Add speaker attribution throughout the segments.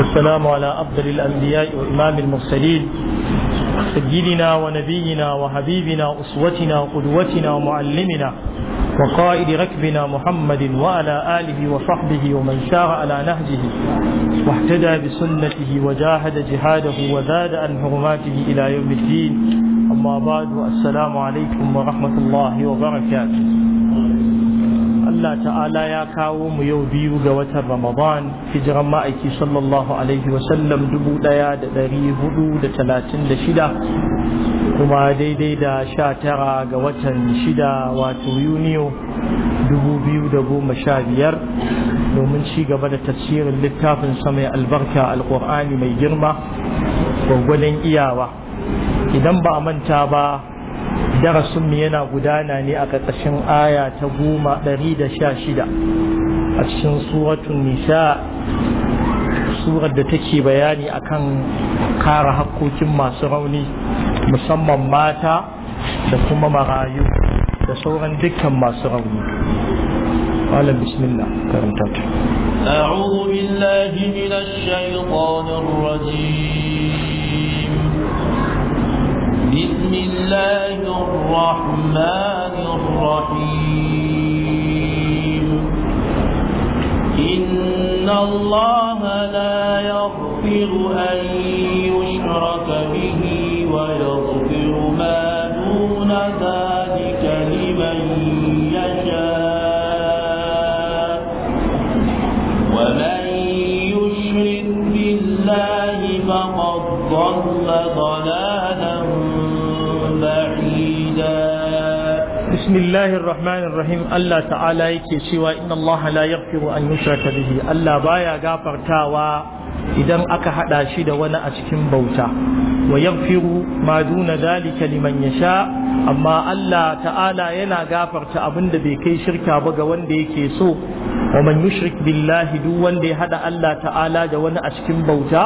Speaker 1: والسلام على أفضل الأنبياء وإمام المرسلين سيدنا ونبينا وحبيبنا أسوتنا وقدوتنا ومعلمنا وقائد ركبنا محمد وعلى آله وصحبه ومن سار على نهجه واهتدى بسنته وجاهد جهاده وزاد عن حرماته إلى يوم الدين أما بعد السلام عليكم ورحمة الله وبركاته Allah ta'ala ya kawo mu yau biyu ga watan Ramadan hijiran ma'aiki sallallahu alaihi wasallam dubu ɗaya da ɗari hudu da talatin da shida kuma daidai da sha tara ga watan shida wato yuniyo dubu biyu da goma sha biyar domin ci gaba da tafsirin littafin mai albarka alƙur'ani mai girma gwargwadon iyawa idan ba a manta ba darasin mu yana gudana ne a ƙarƙashin aya ta goma ɗari da sha shida a cikin suratun nisa surar da take bayani akan kare hakkokin masu rauni musamman mata da kuma marayu da sauran dukkan masu rauni قال بسم الله ta أعوذ بالله من الشيطان الرجيم بسم الله الرحمن الرحيم إن الله لا يغفر أن يشرك به ويغفر
Speaker 2: ما دون ذلك لمن
Speaker 1: الله الرحمن الرحيم Allah Ta'ala yake cewa inna Allah la yaghfiru an yushraka bihi Allah baya gafartawa idan aka hada shi da wani a cikin bauta wa yaghfiru ma duna dalika liman yasha amma Allah ta'ala yana gafarta abinda bai kai shirka ba ga wanda yake so wa man yushrik billahi duk wanda ya haɗa Allah ta'ala da wani a cikin bauta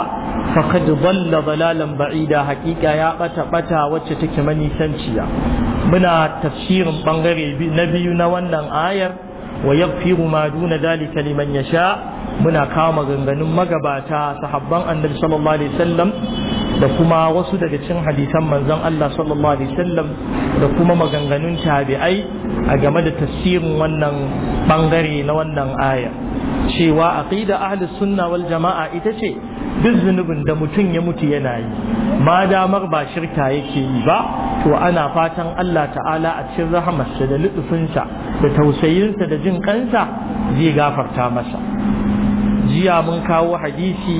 Speaker 1: na dhalla dhalalan da haqiqa ya bata ɓata wacce take manisanciya muna tafsirin ɓangare na biyu na wannan ayar wa yaghfiru ma duna dhalika liman yasha muna kama ganganun magabata sahabban annabi sallallahu alaihi da kuma wasu daga cin hadisan manzon Allah sallallahu alaihi wasallam da kuma maganganun tabi'ai a game da tafsirin wannan bangare na wannan aya cewa aqida ahlus sunna wal jama'a ita ce duk zunubin da mutum ya mutu yana yi ma damar ba shirka yake yi ba to ana fatan Allah ta'ala a cikin rahamarsa da lutufinsa da tausayinsa da jin kansa zai gafarta masa jiya mun kawo hadisi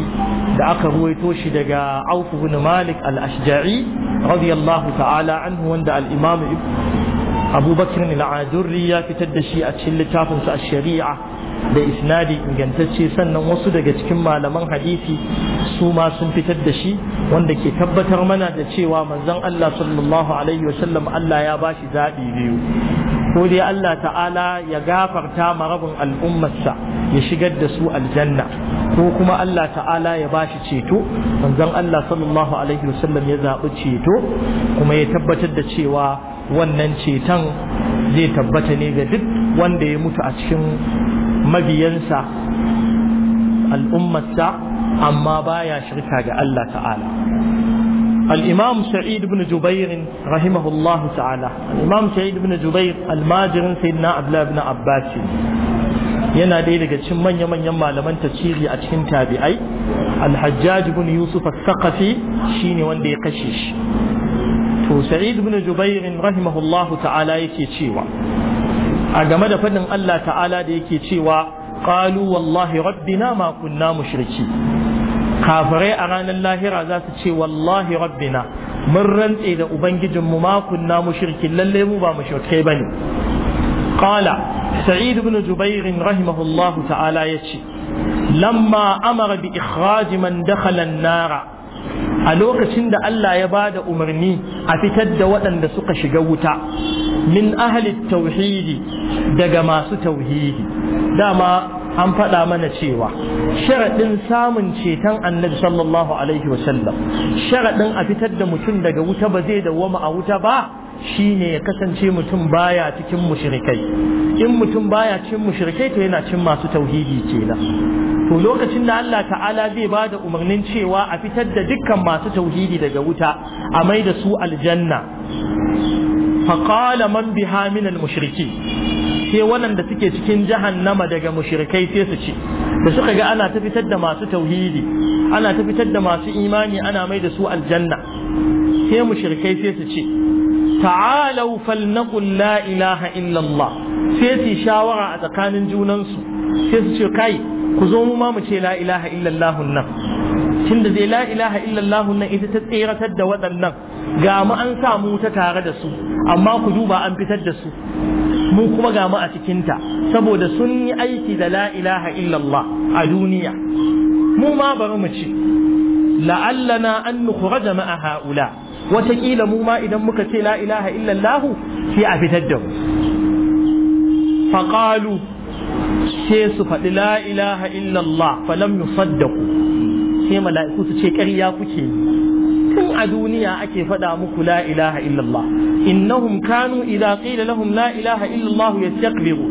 Speaker 1: da aka ruwaito shi daga Auf ibn Malik al-Ashja'i radiyallahu ta'ala anhu wanda al-Imam Abu Bakr al-Ajurri ya fitar da shi a cikin littafinsa a shari'a da isnadi ingantacce sannan wasu daga cikin malaman hadisi su ma sun fitar da shi wanda ke tabbatar mana da cewa manzon Allah sallallahu alaihi wasallam Allah ya bashi zaɓi biyu ko dai Allah ta'ala ya gafarta ma rabin al'ummarsa ya shigar da su aljanna ko kuma Allah ta'ala ya bashi ceto manzon Allah sallallahu alaihi wasallam ya zaɓi ceto kuma ya tabbatar da cewa wannan ceton zai tabbata ne ga duk wanda ya mutu a cikin mabiyansa al'ummarsa amma baya shirka ga Allah ta'ala Al'imam سعيد بن جبير رحمه الله تعالى الإمام سعيد بن جبير الماجر سيدنا عبد الله بن yana ɗaya daga cikin manya-manyan malaman tafsiri a cikin tabi'ai alhajjaj bin yusuf al shi shine wanda ya kashe shi to sa'id bin jubair rahimahullahu ta'ala yake cewa a game da faɗin Allah ta'ala da yake cewa ƙalu wallahi rabbina ma kunna mushriki kafirai a ranar lahira za su ce wallahi rabbina mun rantse da ubangijinmu ma kunna mushrikin lalle mu ba mushrikai bane qala sa'id ibn jubair rahimahullahu ta'ala yace lamma amara bi ikhraj man dakhala an-nara a lokacin da Allah ya ba da umarni a fitar da waɗanda suka shiga wuta min ahalit tauhidi daga masu tauhidi dama an faɗa mana cewa sharaɗin samun ceton annabi sallallahu alaihi wasallam sharaɗin a fitar da mutum daga wuta ba zai dawwama a wuta ba Shi ne ya kasance mutum baya cikin mushrikai in mutum baya cikin mushrikai to yana cikin masu tauhidi kenan to lokacin da Allah ta'ala zai bada umarnin cewa a fitar da dukkan masu tauhidi daga wuta a mai da su aljanna qala man biha min al-mushriki sai waɗanda suke cikin jahannama daga mushrikai sai su ce da suka ga ana ta da masu tauhidi ana ta fitar da masu imani ana mai da su aljanna sai mushrikai sai su ce ta'alau falnaqul la ilaha illa Allah sai su shawara a tsakanin junansu sai su ce kai ku zo mu ma mu ce la ilaha illa Allah nan tunda zai la ilaha illa Allah nan ita ta tseratar da waɗannan ga mu an sa mu ta tare da su amma ku duba an fitar da su mu kuma ga mu a cikinta saboda sun yi aiki da la ilaha illallah a duniya mu ma bari mu ce la'allana an nukhraja ma'a haula wataƙila mu ma idan muka ce la ilaha illallah sai a fitar da mu faqalu sai su faɗi la ilaha illallah falam nusaddaqu sai mala'iku su ce ƙarya kuke tun a duniya ake faɗa muku la ilaha illallah innahum kanu idza qila lahum la ilaha illallah yastakbiru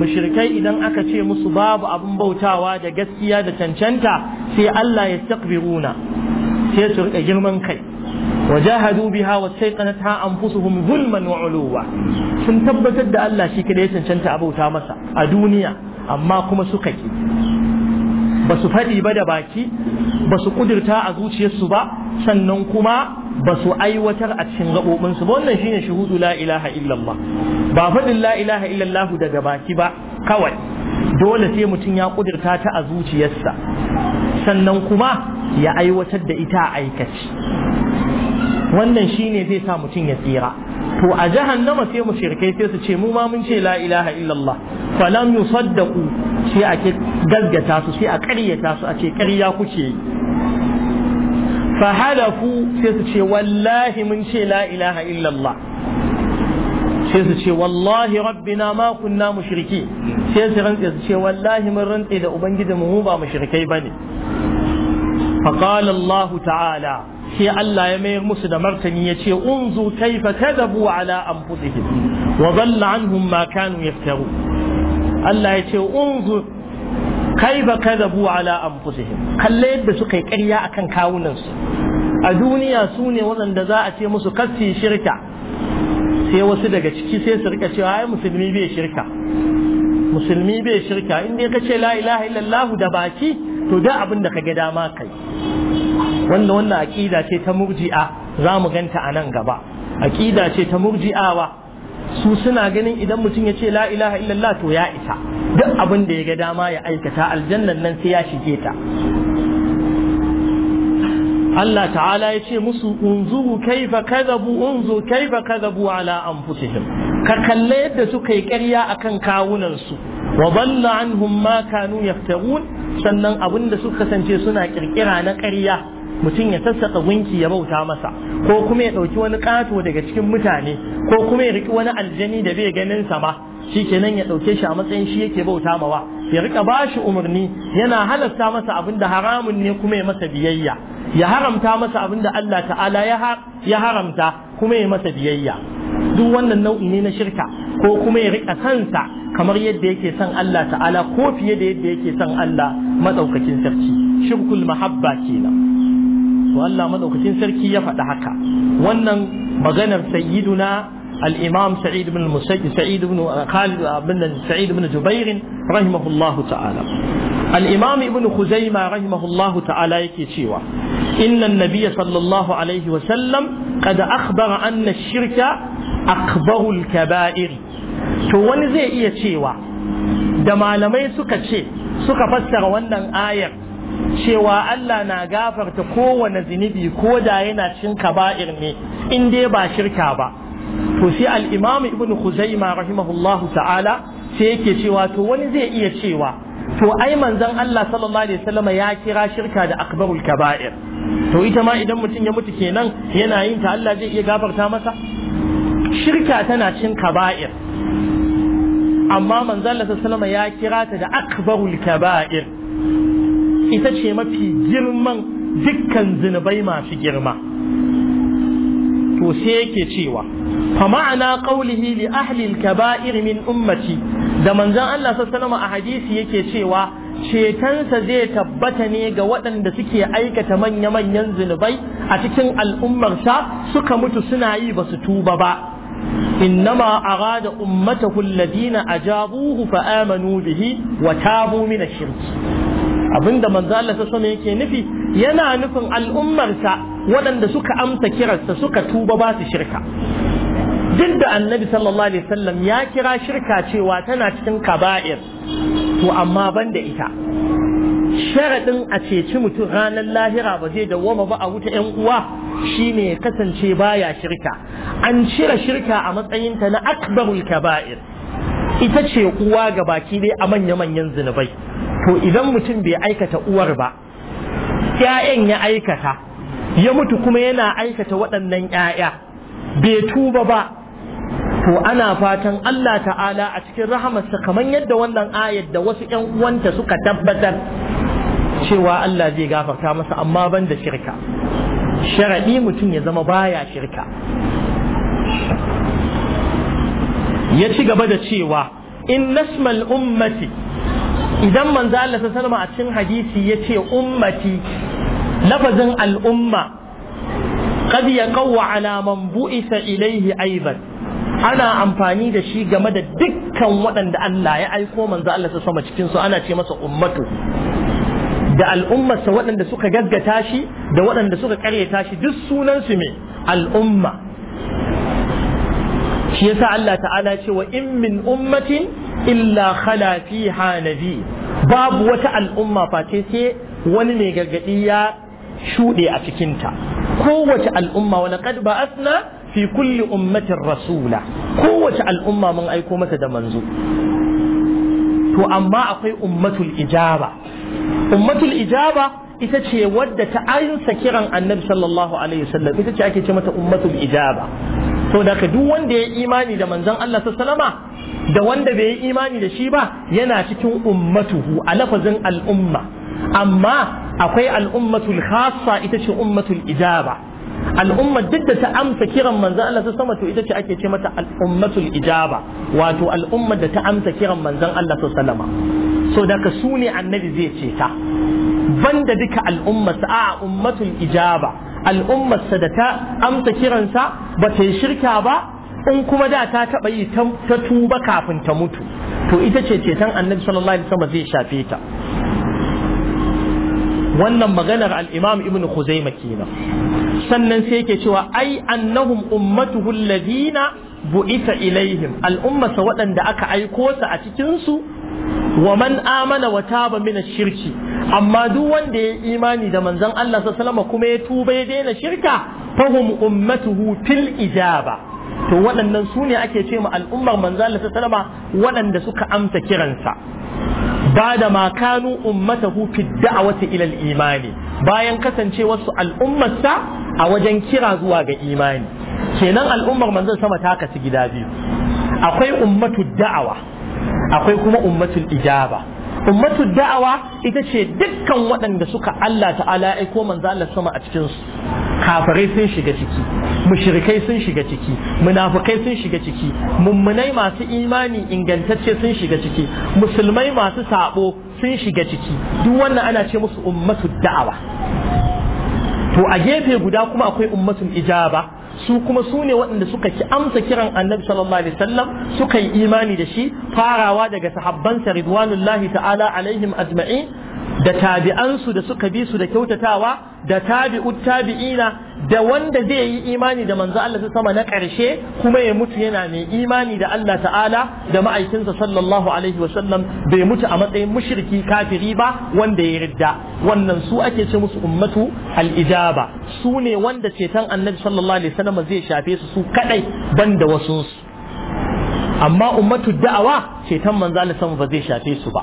Speaker 1: mushrikai idan aka ce musu babu abin bautawa da gaskiya da cancanta sai Allah ya taqbiruna sai su rika girman kai wajahadu biha wa sayqanatha anfusuhum zulman wa uluwa sun tabbatar da Allah shi kada ya cancanta abauta masa a duniya amma kuma suka ki ba su faɗi ba da baki ba su kudirta a zuciyarsu ba sannan kuma ba su aiwatar a cikin gaɓoɓinsu ba wannan shine shuhudu la ilaha illallah ba faɗin la ilaha illallah daga baki ba kawai dole sai mutum ya kudirta ta a zuciyarsa sannan kuma ya aiwatar da ita a aikaci wannan shine zai sa mutum ya tsira to a jahannama sai mu shirkai sai su ce mu ma mun ce la ilaha illallah falam yusaddaqu sai a ke gaggata su sai a ƙaryata su a ce ƙarya kuke yi fahalafu sai su ce wallahi mun ce la ilaha illallah sai su ce wallahi rabbina ma kunna mushriki sai su rantse su ce wallahi mun rantse da ubangiji mu ba mushrikai bane fa qala Allah ta'ala sai Allah ya mayar musu da martani ya ce unzu kaifa kadabu ala anfusihim wa dhalla anhum ma kanu yaftaru Allah ya ce unzu kaifa kadabu ala anfusihim kalle yadda suka yi ƙarya akan kawunansu a duniya su ne waɗanda za a ce musu kassi shirka sai wasu daga ciki sai su rika cewa ai musulmi bai shirka musulmi bai shirka in dai kace la ilaha illallah da baki to da abin da kage dama kai wanda wannan aqida ce ta murji'a za mu ganta a nan gaba aqida ce ta murji'awa su suna ganin idan mutum ya ce la ilaha illallah to ya isa duk abin da ya ga dama ya aikata aljannan nan sai ya shige ta Allah ta'ala ya ce musu unzuru kaifa kadhabu unzur kaifa kadhabu ala anfusihim ka kalle yadda suka yi ƙarya akan kawunan su wa dalla anhum ma kanu yaftarun sannan abinda suka kasance suna kirkira na ƙarya mutum ya sassaka gunki ya bauta masa ko kuma ya ɗauki wani ƙato daga cikin mutane ko kuma ya riƙi wani aljani da bai ganin sa ma shi kenan ya ɗauke shi a matsayin shi yake bauta mawa ya riƙa ba shi umarni yana halasta masa abin da haramun ne kuma ya masa biyayya ya haramta masa abin da Allah ta'ala ya haramta kuma ya masa biyayya duk wannan nau'i ne na shirka ko kuma ya riƙa kansa kamar yadda yake son Allah ta'ala ko fiye da yadda yake son Allah maɗaukakin sarki shirkul mahabba kenan to Allah madaukakin sarki ya faɗi haka wannan maganar sayyiduna al-imam sa'id ibn musayyib sa'id ibn uh, khalid uh, ibn sa'id ibn jubair rahimahullahu ta'ala al-imam ibn khuzaimah rahimahullahu ta'ala yake cewa inna an-nabiy sallallahu alaihi wa sallam qad akhbara anna ash-shirka akbaru al-kaba'ir to wani zai iya cewa da malamai suka ce suka fassara wannan ayar cewa Allah na gafarta kowane zunubi ko da yana cin kaba'ir ne in dai ba shirka ba to sai al-Imam Ibn Khuzaima rahimahullahu ta'ala sai yake cewa to wani zai iya cewa to ai manzon Allah sallallahu alaihi wasallam ya kira shirka da akbarul kaba'ir to ita ma idan mutum ya mutu kenan yana yin ta Allah zai iya gafarta masa shirka tana cin kaba'ir amma manzon Allah sallallahu alaihi wasallam ya kira ta da akbarul kaba'ir ita ce mafi girman dukkan zunubai masu girma to sai yake cewa fa ma'ana qaulihi li ahli al-kaba'ir min ummati da manzon Allah sallallahu a hadisi yake cewa cetansa zai tabbata ne ga waɗanda suke aikata manya-manyan zunubai a cikin al'ummarsa suka mutu suna yi ba su tuba ba إنما أراد أمته الذين أجابوه فآمنوا به وتابوا mina shirki. abinda manzo Allah ta sama yake nufi yana nufin al'ummarsa waɗanda suka amsa kirarsa suka tuba ba su shirka duk da annabi sallallahu alaihi wasallam ya kira shirka cewa tana cikin kaba'ir to amma banda ita sharaɗin a ceci mutum ranar lahira ba zai dawwama ba a wuta ‘yan uwa shine ya kasance baya shirka an cire shirka a matsayinta na akbarul kaba'ir ita ce uwa ga baki dai a manya-manyan zunubai to idan mutum bai aikata uwar ba ‘ya'yan ya aikata ya mutu kuma yana aikata waɗannan ‘ya'ya bai tuba ba to ana fatan Allah ta'ala a cikin rahamarsa kamar yadda wannan ayar da wasu ‘yan uwanta suka tabbatar cewa Allah zai gafarta masa amma ban da shirka sharaɗi mutum ya zama baya shirka ya ci gaba da cewa in nasmal ummati idan manzo Allah sallallahu a cikin hadisi yace ummati lafazin al'umma qad yaqaw ala man bu'isa ilayhi aidan ana amfani da shi game da dukkan waɗanda Allah ya aiko manzo Allah sallallahu cikin su ana ce masa ummatu da al'ummarsa waɗanda suka gaggata shi da waɗanda suka karyata shi duk sunansu me al'umma shi yasa Allah ta'ala ce wa in min ummatin illa khala fiha nabi babu wata al'umma face sai wani mai gargadi ya shuɗe a cikinta kowace al'umma wani qad ba'athna fi kulli ummatin rasula kowace al'umma mun aiko mata da manzo to amma akwai ummatul ijaba ummatul ijaba ita ce wadda ta ayyusa kiran annabi sallallahu alaihi wasallam ita ce ake ce mata ummatul ijaba saboda ka duk wanda ya imani da manzon Allah sallama da wanda bai yi imani da shi ba yana cikin ummatuhu a lafazin al'umma amma akwai al'ummatul khassa ita ce ummatul ijaba al'umma duk da ta amsa kiran manzon Allah ta sama to ita ce ake ce mata al'ummatul ijaba wato al'umma da ta amsa kiran manzon Allah ta sallama so daga ka sune annabi zai ce ta banda duka al'umma a ummatul ijaba al'ummarsa da ta amsa kiransa ba ta yi shirka ba in kuma da ta taɓa yi ta tuba kafin ta mutu to ita ce ceton annabi sallallahu alaihi wasallam zai shafe ta wannan maganar al-imam ibn khuzaimah kenan sannan sai yake cewa ai annahum ummatuhu alladhina bu'ita ilaihim al'ummasa waɗanda aka aiko su a cikin su wa man amana wa taba min shirki amma duk wanda ya imani da manzon Allah sallallahu alaihi wasallam kuma ya tuba ya daina shirka fahum ummatuhu fil ijaba to waɗannan su ne ake ce ma al'ummar manzo Allah sallama waɗanda suka amsa kiransa Ba بعد ما كانوا ummata في الدعوة ilal imani. bayan kasance wasu al'ummarsa a wajen kira zuwa ga imani kenan al'ummar manzon sama ta kasu gida biyu akwai ummatu da'awa akwai kuma ummatul ijaba ummatu da'awa ita ce dukkan waɗanda suka Allah ta'ala aiko manzo Allah sama a cikin su kafirai sun shiga ciki mushrikai sun shiga ciki munafukai sun shiga ciki mummunai masu imani ingantacce sun shiga ciki musulmai masu sabo sun shiga ciki duk wannan ana ce musu ummatu da'awa to a gefe guda kuma akwai ummatun ijaba su kuma su ne waɗanda suka ki amsa kiran annabi sallallahu alaihi wasallam suka yi imani da shi farawa daga sahabbansa ridwanullahi ta'ala alaihim ajma'in da tabi'ansu da suka bi su da kyautatawa da tabi'ut tabi'ina da wanda zai yi imani da manzo Allah sama na ƙarshe kuma ya mutu yana mai imani da Allah ta'ala da ma'aikinsa sallallahu alaihi wasallam bai mutu a matsayin mushriki kafiri ba wanda ya ridda wannan su ake ce musu ummatu al-ijaba su ne wanda ceton annabi sallallahu alaihi wasallam zai shafe su su kadai banda wasu su amma ummatu da'awa ceton manzo Allah sama ba zai shafe su ba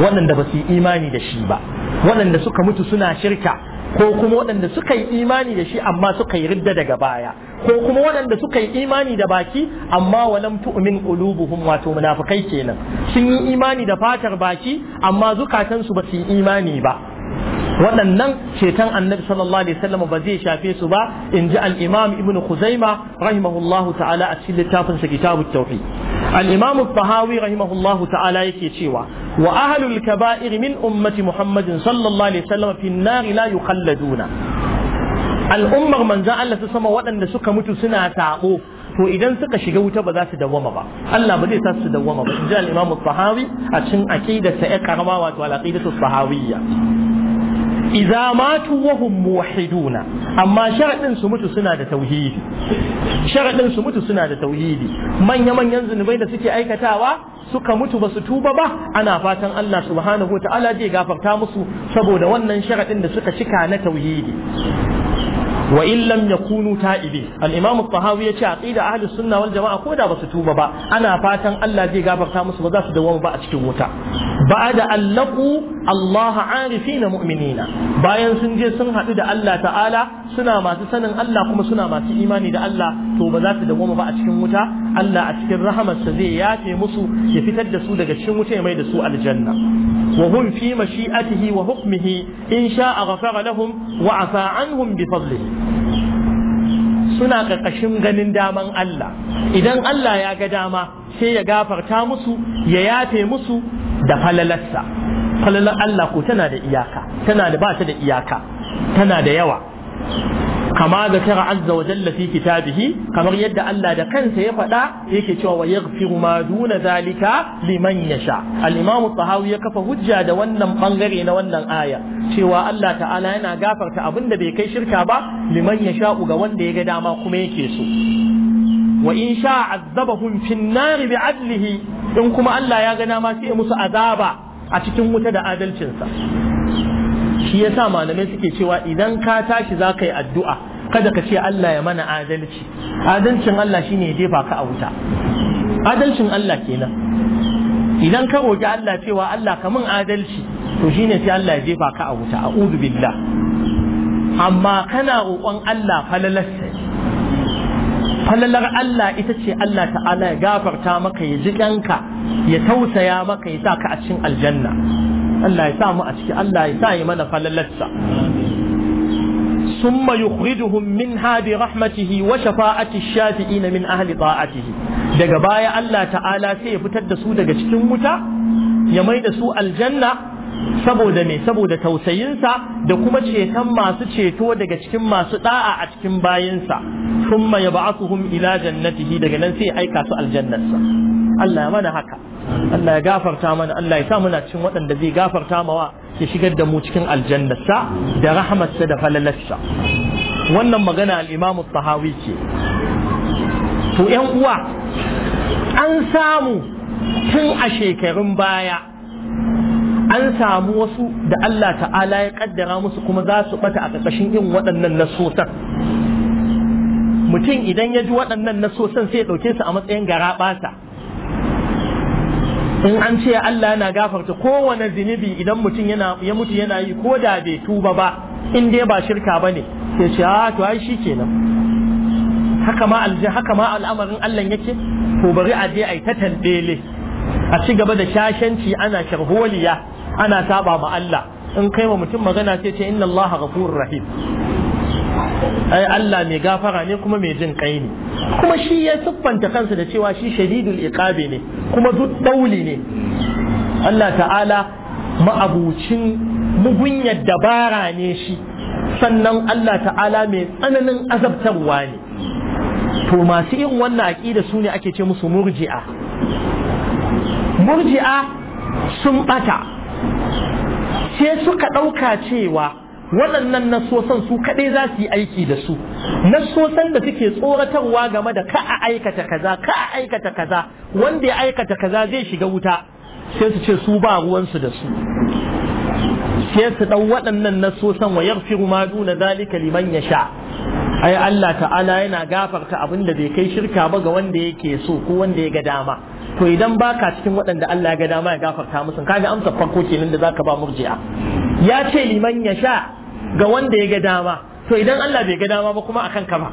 Speaker 1: waɗanda ba su yi imani da shi ba waɗanda suka mutu suna shirka ko kuma waɗanda suka yi imani da shi amma suka yi ridda daga baya ko kuma waɗanda suka yi imani da baki amma walam tu'min qulubuhum wato munafikai kenan sun yi imani da fatar baki amma zukatansu ba su yi imani ba waɗannan ceton annabi sallallahu alaihi wasallam ba zai shafe su ba in ji al-imam ibnu khuzaima rahimahullahu ta'ala a cikin littafin sa kitabut tauhid al-imam fahawi rahimahullahu ta'ala yake cewa wa ahlul kaba'ir min ummati muhammadin sallallahu alaihi wasallam fi an-nar la yukhalladuna al-ummar manzo Allah su sama waɗanda suka mutu suna tabo to idan suka shiga wuta ba za su dawwama ba Allah ba zai sa su dawwama ba in ji al-imam fahawi a cikin aqidat sa karama wato al-aqidatu fahawiyya izama matu wa hum amma sharadin su mutu suna da tauhidi sharadin su mutu suna da tauhidi manya manyan zunubai da suke aikatawa suka mutu basu tuba ba ana fatan Allah subhanahu ta'ala zai gafarta musu saboda wannan sharadin da suka cika na tauhidi wa ya Kunu ta ta'ibi alimamu imam ya ce, a aqida ahlus sunna wal jamaa ko da basu tuba ba ana fatan Allah zai gafarta musu ba za su dawo ba a cikin wuta ba'da allaqu Allah na mu'minina bayan sun je sun hadu da Allah ta'ala suna masu sanin Allah kuma suna masu imani da Allah to ba za su dawoma ba a cikin wuta Allah a cikin rahamarsa zai yafe musu ya fitar da su daga cikin wuta ya mai da su aljanna wa hum fi mashi'atihi wa hukmihi in sha'a ghafara lahum wa afa anhum bi fadlihi suna ƙarƙashin ganin daman Allah idan Allah ya ga dama sai ya gafarta musu ya yafe musu da falalarsa falalar Allah ko tana da iyaka tana da ba ta da iyaka tana da yawa kama ga tara azza wa jalla fi kitabihi kamar yadda Allah da kansa ya faɗa yake cewa wa yaghfiru ma duna zalika liman yasha al-imamu tahawi ya kafa hujja da wannan bangare na wannan aya cewa Allah ta'ala yana gafarta abin da bai kai shirka ba liman yasha ga wanda ya ga dama kuma yake so wa in sha azabahum fin nari bi adlihi in kuma Allah ya ga dama sai musu azaba a cikin wuta da adalcinsa shi yasa malamai suke cewa idan ka tashi za ka yi addu'a kada ka ce Allah ya mana adalci adalcin Allah shine ya jefa ka a wuta adalcin Allah kenan idan ka roƙi Allah cewa Allah ka min adalci to shine sai Allah ya jefa ka a wuta a'udhu billah amma kana roƙon Allah falalarsa falalar Allah ita ce Allah ta'ala ya gafarta maka ya ji ya tausaya maka ya sa ka a cikin aljanna Allah ya sa mu a ciki Allah ya sa yi mana falalarsa ثم يخرجهم منها برحمته وشفاعة الشافعين من أهل طاعته daga baya Allah ta'ala sai ya fitar da su daga cikin wuta ya mai da su aljanna saboda me saboda tausayinsa da kuma ceton masu ceto daga cikin masu ɗa'a a cikin bayansa. bayinsa thumma yab'athuhum ila jannatihi daga nan sai ya aika su aljannarsa Allah ya mana haka Allah ya gafarta mana Allah ya sa muna cikin waɗanda zai gafarta mawa ya shigar da mu cikin aljanna. Sa da sa da falalarsa wannan magana al-Imam Tahawi ce to 'yan uwa an samu tun a shekarun baya an samu wasu da Allah ta'ala ya kaddara musu kuma za su bata a ƙarƙashin yin waɗannan nasosan mutum idan ya ji waɗannan nasosan sai ya ɗauke su a matsayin garaɓasa in an ce Allah yana gafarta kowane zunubi idan mutum yana ya mutu yana yi ko da bai tuba ba in dai ba shirka bane sai ce a ah, to ai shikenan haka ma haka ma al'amarin Allah yake to bari a je ai ta tandele a ci gaba da shashanci ana sharholiya ana saba ma Allah in kai wa mutum magana sai ce inna Allah ghafurur rahim ai Allah mai gafara ne kuma mai jin kai ne kuma shi ya siffanta kansa da cewa shi shadidul iqabi ne kuma duk dauli ne Allah ta'ala ma'abucin mugunyar dabara ne shi sannan Allah ta'ala mai tsananin azabtarwa ne to masu yin wannan aƙida su ne ake ce musu murji'a murji'a sun bata sai suka ɗauka cewa waɗannan nasosan su kaɗai za su yi aiki da su nasosan da suke tsoratarwa game da ka a aikata kaza ka a aikata kaza wanda ya aikata kaza zai shiga wuta sai su ce su ba ruwansu da su sai su ɗau waɗannan nasosan wa yaghfiru ma duna zalika liman ya sha. ai Allah ta'ala yana gafarta abin da bai kai shirka ba ga wanda yake so ko wanda ya ga dama to idan baka cikin waɗanda Allah ya ga dama ya gafarta musu kaga amsa farko kenan da zaka ba murji'a ya ce liman yasha ga wanda ya ga dama to idan Allah bai ga dama ba kuma akan ka ba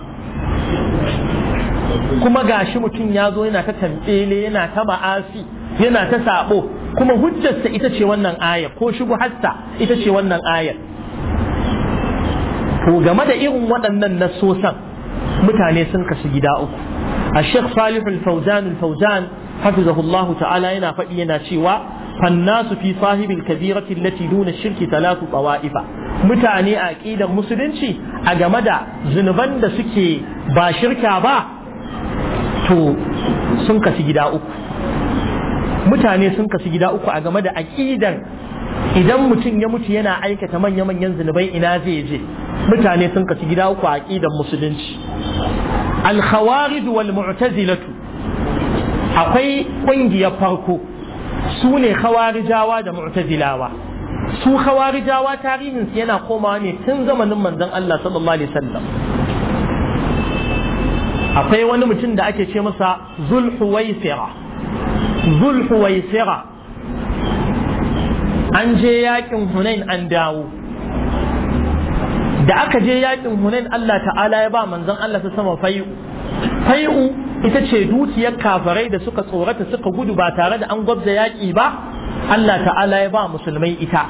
Speaker 1: kuma gashi mutum ya zo yana ta tambele yana ta ma'asi yana ta sabo kuma hujjarsa ita ce wannan aya ko shubuharsa ita ce wannan ayar to game da irin waɗannan nasosan mutane sun kasu gida uku a sheikh salihul fauzan fauzan hafizahullahu ta'ala yana faɗi yana cewa fannasu fi sahibil kabirati allati duna shirki talatu tsawa'ifa mutane a aƙidar musulunci a game da zunuban da suke ba shirka ba to sun kasu gida uku mutane sun kasu gida uku a game da aƙidar idan mutum ya mutu yana aikata manya-manyan zunubai ina zai je mutane sun kasu gida uku a ƙidar musulunci al wal mu'tazilatu akwai ƙungiyar farko su ne khawarijawa da mu'tazilawa su khawarijawa tarihin su yana komawa ne tun zamanin manzon Allah sallallahu alaihi wasallam akwai wani mutum da ake ce masa zulhuwaisira zulhuwaisira an je yakin hunain an dawo da aka je yakin hunain Allah ta'ala ya ba manzon Allah ta sama fai'u fai'u ita ce dukiyar kafarai da suka tsorata suka gudu ba tare da an gwabza yaƙi ba Allah ta'ala ya ba musulmai ita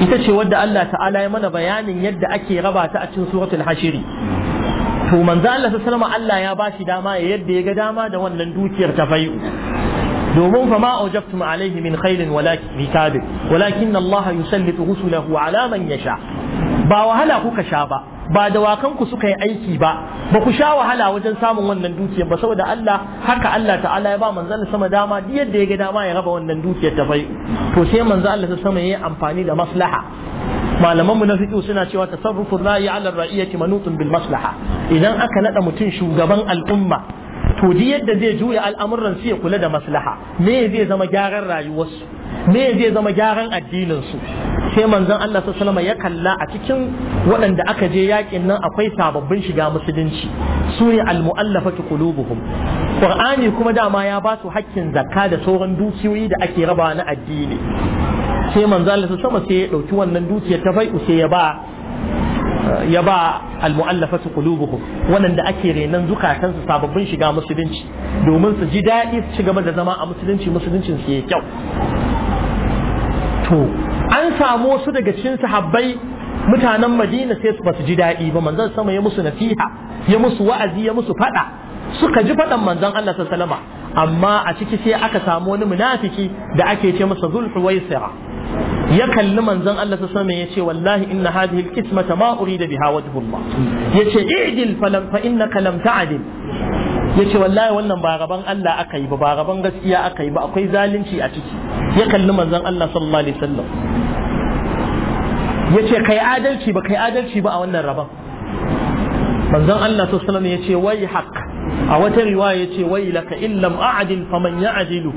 Speaker 1: ita ce wadda Allah ta'ala ya mana bayanin yadda ake raba ta a cikin suratul hashiri to manzo Allah sallama Allah ya bashi dama ya yadda ya ga dama da wannan dukiyar ta domin fa ma aujabtum alaihi min khairin walakin rikabin walakin Allah yusallitu rusulahu ala man yasha ba wahala kuka sha ba ba da ku suka yi aiki ba ba ku sha wahala wajen samun wannan dukiyar ba saboda Allah haka Allah ta'ala ya ba manzo sama dama yadda ya ga dama ya raba wannan dukiyar ta fai to sai manzo Allah sama yi amfani da maslaha malaman mu na fiqh suna cewa tasarrufu ra'yi 'ala ra'iyati manutun bil maslaha idan aka nada mutum shugaban al'umma to ji yadda zai juya al'amuran su ya kula da maslaha me zai zama gyaran rayuwarsu me zai zama gyaran addinin su sai manzon Allah sallallahu ya kalla a cikin waɗanda aka je yakin nan akwai sababbin shiga musulunci su ne almu'allafatu qulubuhum qur'ani kuma dama ya ba su hakkin zakka da sauran dukiyoyi da ake raba na addini sai manzon Allah sallallahu sai ya dauki wannan dukiyar ta fai'u sai ya ba ya ba almu'allafatu Wannan da ake renan zukatansu sababbin shiga musulunci domin su ji daɗi su ci gaba da zama a musulunci musuluncin su ya kyau to an samu wasu daga cikin sahabbai mutanen Madina sai su basu ji daɗi ba manzon sama ya musu nasiha ya musu wa'azi ya musu fada suka ji fadan manzon Allah sallallahu alaihi wasallam amma a ciki sai aka samu wani munafiki da ake ce masa waisira. ya kalli manzon Allah sallallahu alaihi wasallam yace wallahi inna hadhihi alqismata ma urida biha wajhu Allah yace i'dil falam fa innaka lam ta'dil yace wallahi wannan ba gaban Allah aka yi ba ba gaban gaskiya aka yi ba akwai zalunci a ciki ya kalli manzon Allah sallallahu alaihi wasallam yace kai adalci ba kai adalci ba a wannan rabon manzon Allah sallallahu alaihi wasallam yace wai haq a wata riwaya yace wai laka illam a'dil faman ya'dilu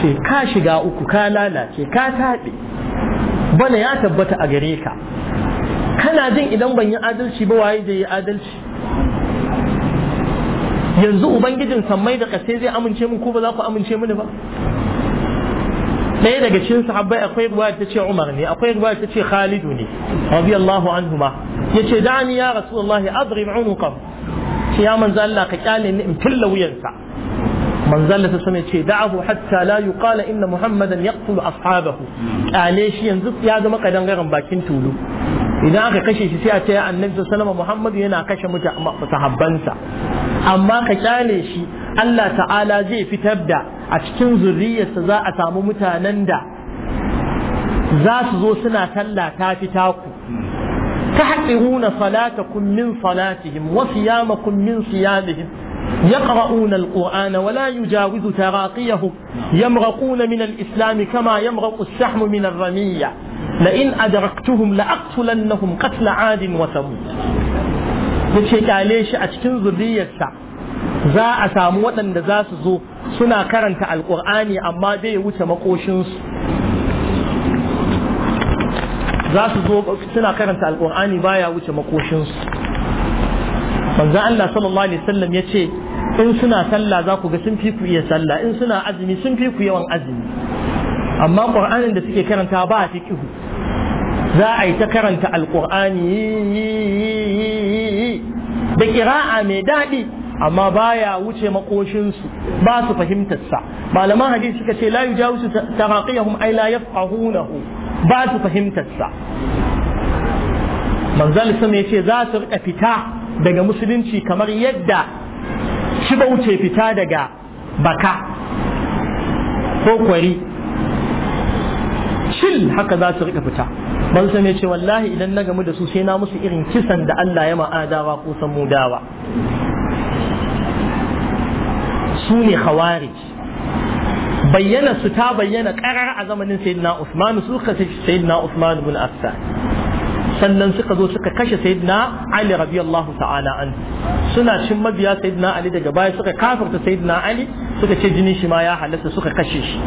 Speaker 1: ce ka shiga uku ka lalace ka taɓe bana ya tabbata a gare ka kana jin idan ban yi adalci ba waye zai yi adalci yanzu ubangijin sammai da ƙasai zai amince min ko ba za ku amince mini ba ɗaya daga cikin sahabbai akwai ruwa ta ce Umar ne akwai ruwa ta ce Khalidu ne radiyallahu anhuma yace da'ani ya rasulullahi adrib unuqam ya manzo Allah ka kyale ni in tilla wuyansa manzon Allah sai ce da'ahu hatta la yuqala inna muhammadan yaqtulu ashabahu kale shi yanzu ya zama kadangaren bakin tulu idan aka kashe shi sai a ce annabi salama muhammadu yana kashe sahabbansa amma ka kyale shi Allah ta'ala zai fitar da a cikin zurriyarsa za a samu mutanen da za su zo suna talla ta fi taku tahqiruna salatakum min salatihim wa siyamakum min siyamihim يقرؤون القرآن ولا يجاوز تراقيهم يمرقون من الإسلام كما يمرق السحم من الرمية لئن أدركتهم لأقتلنهم قتل عاد وثمود يتشيك عليش أتكن ذرية زاء ساموتا لزاس زو سنا كرنت القرآن أما دي وتمقوشنس za su zo suna karanta alƙur'ani baya wuce manzon Allah sallallahu alaihi wasallam yace in suna sallah za ku ga sun fi ku iya sallah in suna azumi sun fi ku yawan azumi amma ƙur'anin da suke karanta ba a fiqhu za a yi ta karanta Alƙur'ani da ƙira'a mai daɗi amma baya wuce makoshinsu ba su fahimtarsa malaman hadisi suka ce la yujawisu taraqiyahum ay la yafqahunahu ba su fahimtarsa manzal sama yace za su rika fita daga musulunci kamar yadda shi wuce fita daga baka ko kwari shil haka za su rika fita ban san ya ce wallahi idan na gamu da su sai na musu irin kisan da Allah ya wa ko san mu dawa su ne khawarij bayyana su ta bayyana karar a zamanin sayyidina Usman su ka sayyidina Usman ibn Affan sannan suka zo suka kashe sayyidina Ali radiyallahu ta'ala an suna cin mabiya sayyidina Ali daga baya suka kafirta sayyidina Ali suka ce jinin shi ma ya halatta suka kashe shi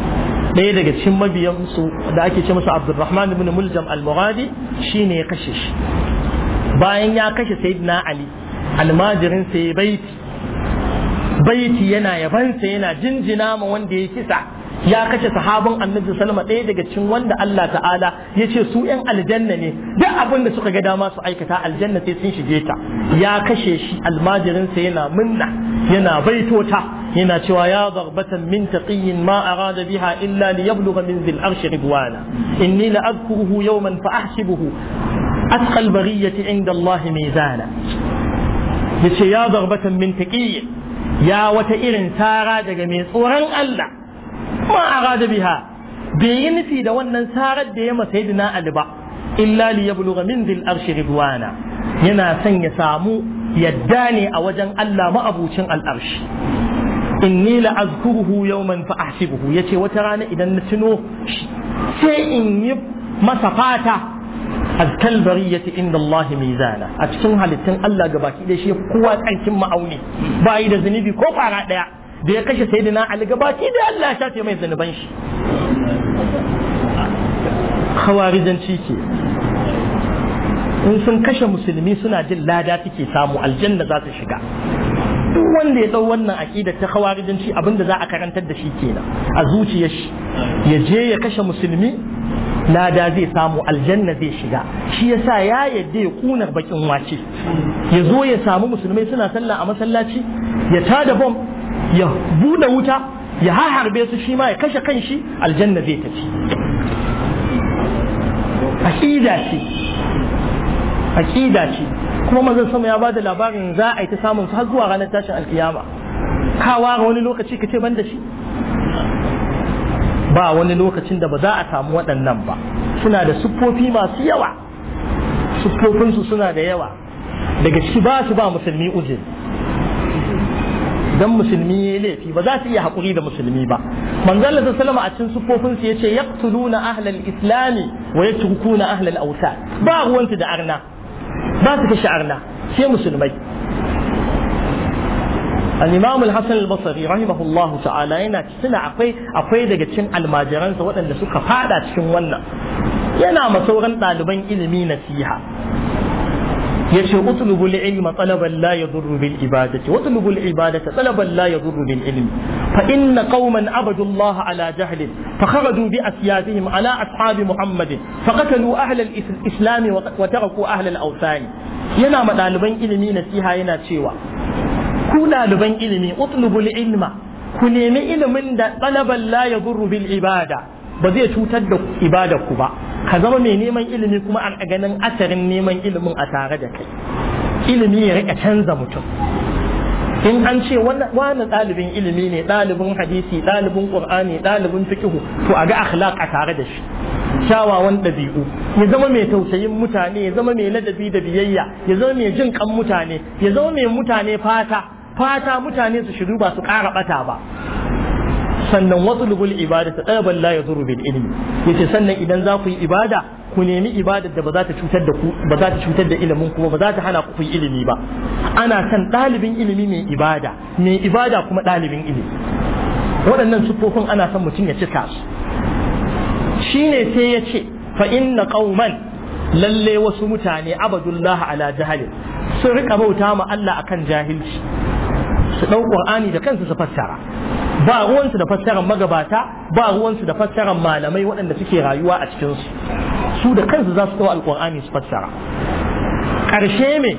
Speaker 1: ɗaya daga cikin mabiyan su da ake ce masa Abdulrahman ibn Muljam al-Mughadi shine ya kashe shi bayan ya kashe sayyidina Ali almajirin sai baiti baiti yana yabansa yana jinjina ma wanda ya kisa ya kashe sahabin annabi sallama ɗaya daga cikin wanda Allah ta'ala ya ce su ‘yan aljanna ne duk abin da suka ga dama su aikata aljanna sai sun shige ta ya kashe shi almajirinsa yana minna, yana baitota yana cewa ya zarbatan min taqiyyin ma arada biha illa li yablugha min zil arshi ridwana inni la azkuruhu yawman fa ahsibuhu asqa bariyati inda Allah mizana yace ya zarbatan min taqiyyin ya wata irin tara daga mai tsoron Allah ma arada biha bai yi nufi da wannan sarar da ya masa yadina ali ba illa li yablugha min dil arshi ridwana yana son ya samu yadda ne a wajen Allah ma'abucin al'arshi inni la azkuruhu yawman fa ahsibuhu yace wata rana idan na tuno sai in yi masa fata azkal bariyati inda Allah mizana a cikin halittun Allah gabaki da shi kowa tsarkin ma'auni ba yi da zunubi ko fara daya da ya kashe saidina ali gabaci da Allah ya shafe mai zanuban shi khawarijanci ke in sun kashe musulmi suna jin lada suke samu aljanna za su shiga duk wanda ya dau wannan aqida ta khawarijanci abinda za a karantar da shi kenan a zuciyar shi ya je ya kashe musulmi lada zai samu aljanna zai shiga shi yasa ya yadda ya kunar bakin wace ya zo ya samu musulmai suna sallah a masallaci ya tada bom ya buɗe wuta ya harbe su shi ma ya kashe kan shi aljanna zai tafi aƙida ce aƙida ce kuma mazan sama ya bada labarin za a yi ta samun su har zuwa ranar tashin alkiyama ka ware wani lokaci ka ce ban da shi ba wani lokacin da ba za a samu waɗannan ba suna da siffofi masu yawa siffofinsu suna da yawa daga ciki ba su ba musulmi uzuri dan musulmi ya laifi ba za su iya haƙuri da musulmi ba manzo Allah sallallahu a cikin sufofin su yace yaqtuluna ahlal islami wa yatrukuna ahlal awsan ba ruwanta da arna ba su kashe arna sai musulmai al-imam al-hasan al-basri ta'ala yana suna akwai akwai daga cikin almajiransa waɗanda suka fada cikin wannan yana masauran ɗaliban ilimi nasiha yace utlubu al-ilma talaban la yadurru bil ibadati utlubu ibadata talaban la yadurru bil ilmi fa inna qauman abadu ala jahl fa kharaju bi asyafihim ala ashabi muhammadin fa qatalu ahla al-islam wa taraku ahla al-awthan yana madaliban ilimi nasiha yana cewa ku daliban ilimi utlubul ilma ku nemi ilimin da talaban la yadurru bil ibada ba zai cutar da ibadar ku ba ka zama mai neman ilimi kuma a ganin asarin neman ilimin a tare da kai ilimi ya rika canza mutum in an ce wani ɗalibin ilimi ne ɗalibin hadisi ɗalibin ƙur'ani ɗalibin fikihu to a ga akhlaq a tare da shi kyawawan ɗabi'u ya zama mai tausayin mutane ya zama mai ladabi da biyayya ya zama mai jin kan mutane ya zama mai mutane fata fata mutane su shiru ba su ƙara ɓata ba sannan watlubul ibadata tsayaban la yadhuru bil ilimi yace sannan idan za ku yi ibada ku nemi ibada da ba za ta cutar da ku ba za ta cutar da ilimin kuma ba za ta hana ku yi ilimi ba ana san ɗalibin ilimi mai ibada mai ibada kuma ɗalibin ilimi waɗannan siffofin ana son mutum ya cika su shine sai ya ce fa inna qauman lalle wasu mutane abadullah ala jahalin sun rika bauta ma Allah akan jahilci su ɗau ƙur'ani da kansu su fassara ba ruwansu da fassarar magabata ba ruwansu da fassarar malamai waɗanda suke rayuwa a cikinsu su da kansu za su ɗau alƙur'ani su fassara ƙarshe me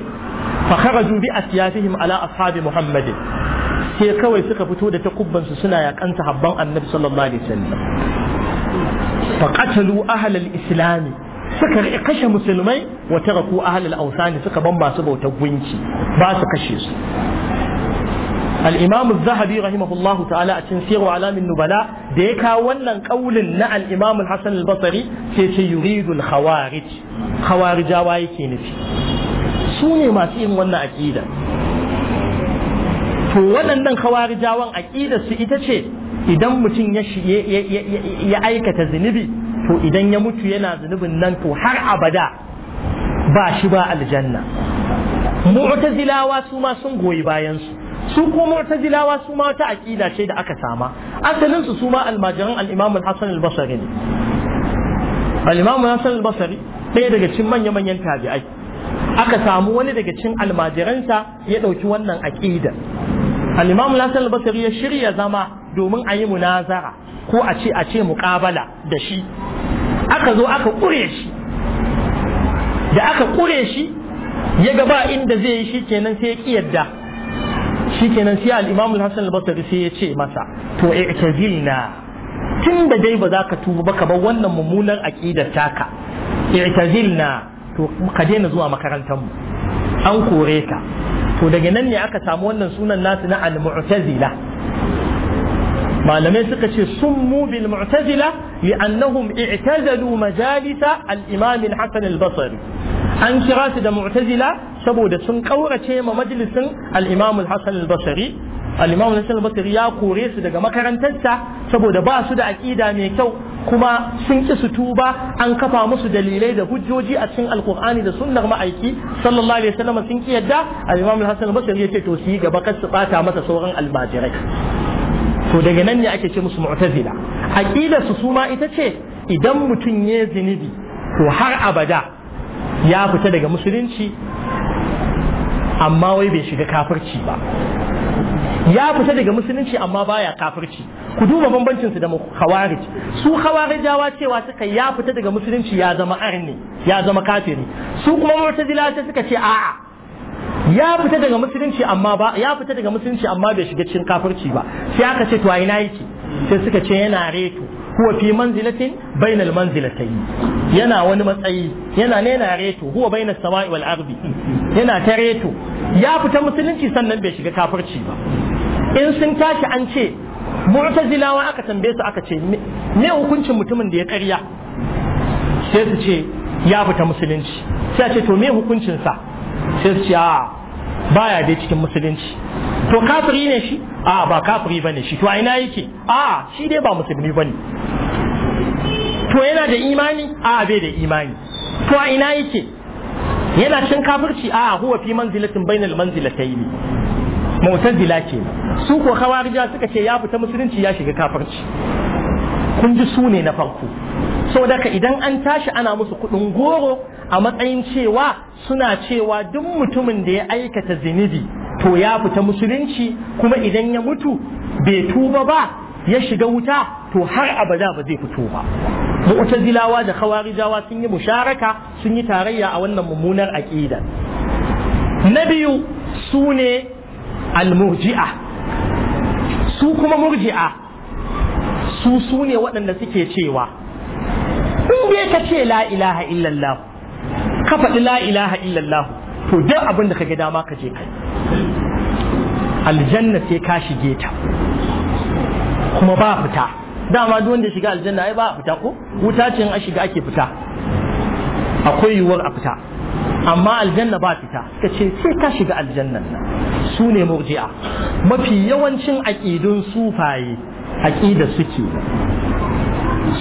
Speaker 1: fakharaju bi asiyafihim ala ashabi muhammadin sai kawai suka fito da takubbansu suna yakan habban annabi sallallahu alaihi wasallam faqatalu ahlal islami suka kashe musulmai wa taraku ahlal awsani suka ban masu bautar gunki ba su kashe su al-imam az-zahabi rahimahullahu ta'ala a cikin siyarwa alamin Bala. da ya kawo wannan kaulin na al-imam al-hasan al-basri sai ce yuridu al yake nufi su ne masu irin wannan aqida to waɗannan khawarijawan aqida su ita ce idan mutum ya ya aikata zunubi to idan ya mutu yana zunubin nan to har abada ba shi ba aljanna mu'tazilawa su ma sun goyi bayansu. su kuma jilawa su ma ta aqida ce da aka sama asalin su su ma almajiran al-Imam al-Hasan al-Basri ne al-Imam al-Hasan al-Basri ɗaya daga cikin manya-manyan tabi'ai aka samu wani daga cikin almajiransa ya ɗauki wannan aqida al-Imam al-Hasan al-Basri ya shirya zama domin a yi munazara ko a ce a ce muqabala da shi aka zo aka kure shi da aka kure shi ya ga ba inda zai yi shi kenan sai ya ƙi yadda shikenan sai al-Imam al-Hasan al-Basri sai ya ce masa to i'tazilna tun da dai ba za ka tuba ba ka bar wannan mummunar aqidar taka i'tazilna to ka daina zuwa makarantar mu an kore ka to daga nan ne aka samu wannan sunan nasu na al-mu'tazila malamai suka ce summu bil mu'tazila li'annahum i'tazalu majalisa al-imam al-Hasan al-Basri an kira su da mu'tazila saboda sun kaurace ma majalisin al-Imam al-Hasan al-Basri al-Imam al-Hasan al-Basri ya kore su daga makarantarsa saboda ba su da aqida mai kyau kuma sun ki su tuba an kafa musu dalilai da hujjoji a cikin al-Qur'ani da sunnar ma'aiki sallallahu alaihi wasallam sun ki yadda al-Imam al-Hasan al-Basri ya ce to su yi gaba kar su bata masa sauran almajirai to daga nan ne ake ce musu mu'tazila aqidar su suma ita ce idan mutum ya zinibi to har abada ya fita daga musulunci amma wai bai shiga kafirci ba ya fita daga musulunci amma baya kafirci ku duba bambancin su da khawarij su khawarijawa cewa suka ya fita daga musulunci ya zama arni ya zama kafiri su kuma mu'tazila ta suka ce a'a ya fita daga musulunci amma ba ya fita daga musulunci amma bai shiga cikin kafirci ba sai aka ce to ai na yake sai suka ce yana reto huwa fi manzilatin bainal manzilatayn yana wani matsayi yana ne na reto huwa bainas sama'i wal ardi yana ta reto ya fita musulunci sannan bai shiga kafirci ba in sun tashi an ce mu'tazilawa aka tambaye su aka ce me hukuncin mutumin da ya karya sai su ce ya fita musulunci sai a ce to me hukuncin sa sai su ce a baya dai cikin musulunci to kafiri ne shi a ba kafiri bane shi to a ina yake a shi dai ba musulmi bane to yana da imani a bai da imani to a ina yake yana cin kafirci a huwa fi manzilatin bainal manzilataini mu'tazila ke su ko khawarija suka ce ya fita musulunci ya shiga kafirci kun ji su ne na farko So saboda idan an tashi ana musu kudin goro a matsayin cewa suna cewa duk mutumin da ya aikata zinubi to ya fita musulunci kuma idan ya mutu bai tuba ba ya shiga wuta to har abada ba zai fito ba mu'tazilawa da khawarijawa sun yi musharaka sun yi tarayya a wannan mummunar aqida na biyu su ne almurji'a su kuma murji'a su su ne waɗanda suke cewa in bai ka ce la ilaha illallah ka faɗi la ilaha illallah to duk abin da ka ga dama ka je kai aljanna sai ka shige ta kuma ba fita dama duk wanda shiga aljanna ai ba fita ko wuta ce in a shiga ake fita akwai yiwuwar a fita amma aljanna ba fita ka ce sai ka shiga aljannan su ne murji'a mafi yawancin aƙidun sufaye aƙida suke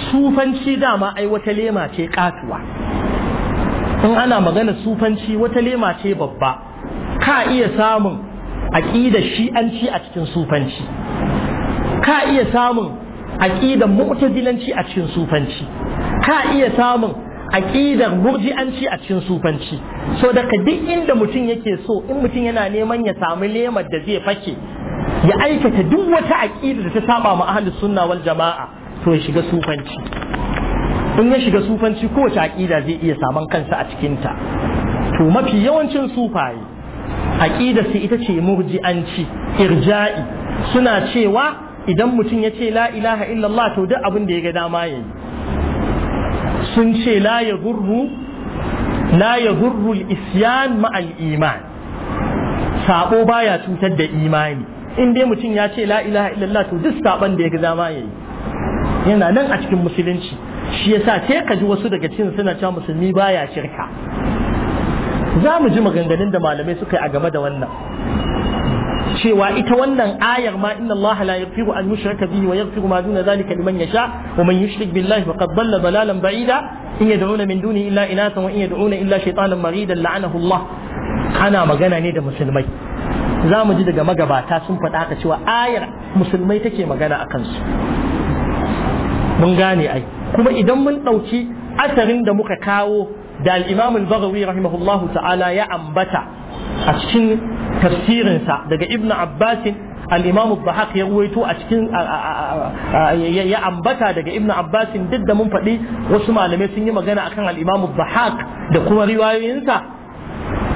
Speaker 1: sufanci dama ai wata lema ce katuwa in ana magana sufanci wata lema ce babba ka iya samun aƙidar shi'anci a cikin sufanci ka iya samun aƙidar mu'tazilanci a cikin sufanci ka iya samun aƙidar murji'anci a cikin sufanci so daga duk inda mutum yake so in mutum yana neman ya samu lemar da zai fake ya aikata duk wata aƙida da ta saba ma ahli sunna wal jama'a to ya shiga sufanci in ya shiga sufanci kowace aƙida zai iya saman kansa a cikin ta to mafi yawancin sufaye aƙidar su ita ce murji'anci irja'i suna cewa idan mutum ya ce la ilaha illallah to duk abin da ya ga dama ya yi sun ce la ya gurru la ya gurru isyan ma'al iman sabo baya cutar da imani in dai mutum ya ce la ilaha illallah to duk saban da ya ga dama ya yi yana nan a cikin musulunci shi yasa sai ka ji wasu daga cikin suna cewa musulmi baya shirka za mu ji maganganun da malamai suka yi a game da wannan cewa ita wannan ayar ma inna Allah la yaghfiru an yushraka bihi wa yaghfiru ma duna zalika liman yasha wa man yushrik billahi faqad dalla dalalan ba'ida in yad'una min duni illa inathan wa in yad'una illa shaytanan maridan la'anahu Allah ana magana ne da musulmai za mu ji daga magabata sun faɗa ka cewa ayar musulmai take magana a kansu mun gane ai kuma idan mun ɗauki asarin da muka kawo da al'imamun bagawi rahimahullahu ta'ala ya ambata a cikin tafsirinsa daga ibn abbasin al-imam al-bahaq ya ruwaito a cikin ya ambata daga ibn abbasin duk da mun faɗi wasu malamai sun yi magana akan al-imam al-bahaq da kuma riwayoyinsa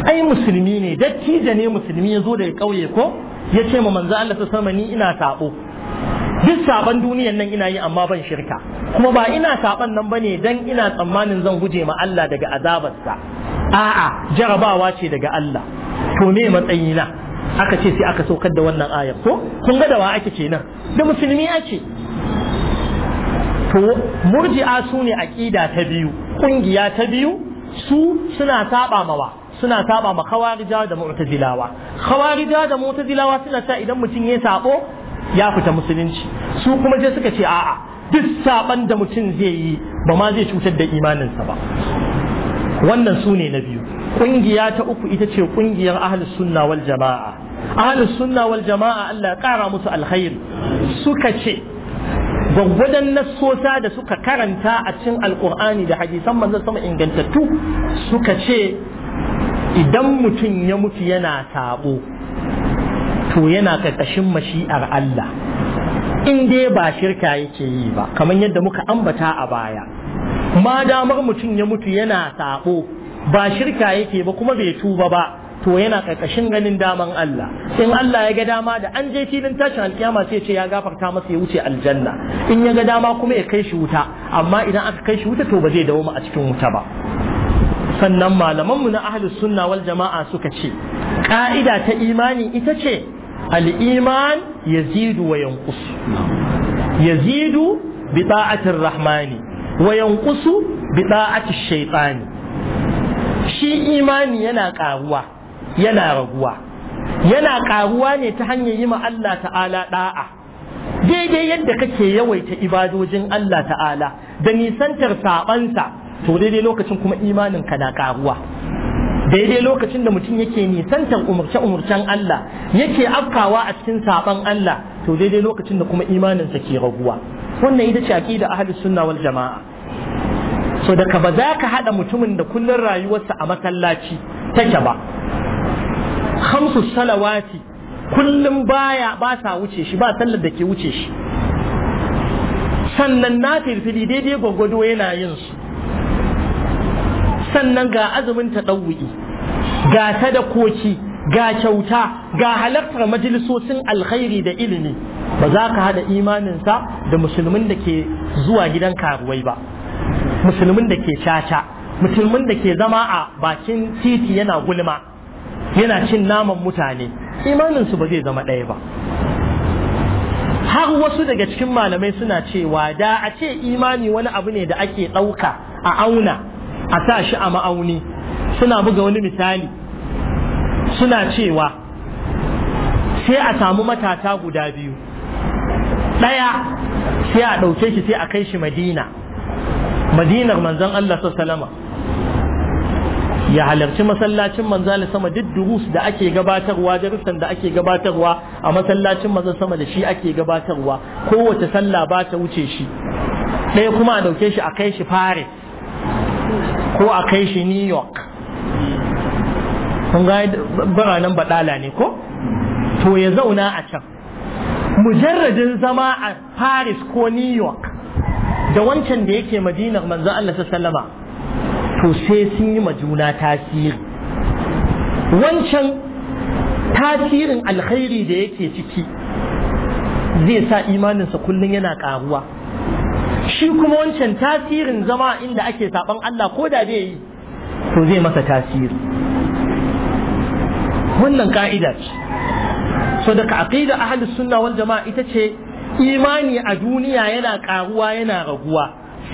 Speaker 1: ai musulmi ne dattijo ne musulmi ya zo daga ƙauye ko ya ce ma manzo Allah sallallahu ni ina sabo duk saban duniyan nan ina yi amma ban shirka kuma ba ina saban nan bane dan ina tsammanin zan guje ma Allah daga azabarsa a'a jarabawa ce daga Allah to me matsayina aka ce sai aka saukar da wannan ayar ko kun ga da wa ake kenan da musulmi ake to murji'a su ne aqida ta biyu kungiya ta biyu su suna saba mawa suna saba ma khawarija da mu'tazilawa khawarija da mu'tazilawa suna ta idan mutum ya sabo ya fita musulunci su kuma sai suka ce a'a duk saban da mutum zai yi ba ma zai cutar da imaninsa ba wannan su ne na biyu ƙungiya ta uku ita ce ƙungiyar ahalus sunna wal jama'a ahalus sunna wal jama'a Allah ƙara musu alkhairi suka ce gwaggwadon nassosa da suka karanta a cikin Alƙur'ani da hadisan manzon sama ingantattu suka ce idan mutum ya mutu yana sabo to yana ƙarƙashin mashi'ar Allah in dai ba shirka yake yi ba kamar yadda muka ambata a baya ma damar mutum ya mutu yana sabo ba shirka yake ba kuma bai tuba ba to yana karkashin ganin daman Allah in Allah ya ga dama da an je filin tashin alkiyama sai ce ya gafarta masa ya wuce aljanna in ya ga dama kuma ya kai shi wuta amma idan aka kai shi wuta to ba zai dawo mu a cikin wuta ba sannan malaman mu na ahlus sunna wal jama'a suka ce ka'ida ta imani ita ce al-iman yazidu wa yanqus yazidu bi ta'atir rahmani wa yanqusu bi da'ati shaytani shi imani yana karuwa yana raguwa yana karuwa ne ta hanyar yi ma Allah ta'ala da'a daidai yadda kake yawaita ibadojin Allah ta'ala da nisantar sabansa to daidai lokacin kuma imanin ka na karuwa daidai lokacin da mutum yake nisantar umurce-umurcen Allah yake afkawa a cikin saban Allah to daidai lokacin da kuma imaninsa ke raguwa wannan ita ce aqida ahlus sunna wal jama'a so daga ba za ka haɗa mutumin da kullun rayuwarsa a masallaci take ba khamsu salawati kullum baya ba sa wuce shi ba sallar da ke wuce shi sannan na firfili daidai gwagwado yana yin su sannan ga azumin ta ɗauwi ga koki. ga kyauta ga halartar majalisosin alkhairi da ilimi ba za ka hada imaninsa da musulmin da ke zuwa gidan karuwai ba musulmin da ke caca musulmin da ke zama a bakin titi yana gulma yana cin naman mutane imaninsu ba zai zama ɗaya ba har wasu daga cikin malamai suna cewa da a ce imani wani abu ne da ake ɗauka a auna a sa shi a ma'auni suna buga wani misali suna cewa sai a samu matata guda biyu ɗaya sai a ɗauke shi sai a kai shi madina madinar manzan Allah sallama ya halarci masallacin manzan sama duk durus da ake gabatarwa darussan da ake gabatarwa a masallacin manzan sama da shi ake gabatarwa kowace sallah ba ta wuce shi ɗaya kuma a ɗauke shi a kai shi paris ko a kai shi new york kun ga biranen baɗala ne ko to ya zauna a can mujarradin zama a paris ko new york da wancan da yake madinar manzo Allah sallama to sai sun yi majuna tasiri wancan tasirin alkhairi da yake ciki zai sa imaninsa kullum yana karuwa shi kuma wancan tasirin zama inda ake saban Allah ko da bai yi to zai masa tasiri wannan ka'ida ce so daga aqida ahli sunna wal jama'a ita ce imani a duniya yana karuwa yana raguwa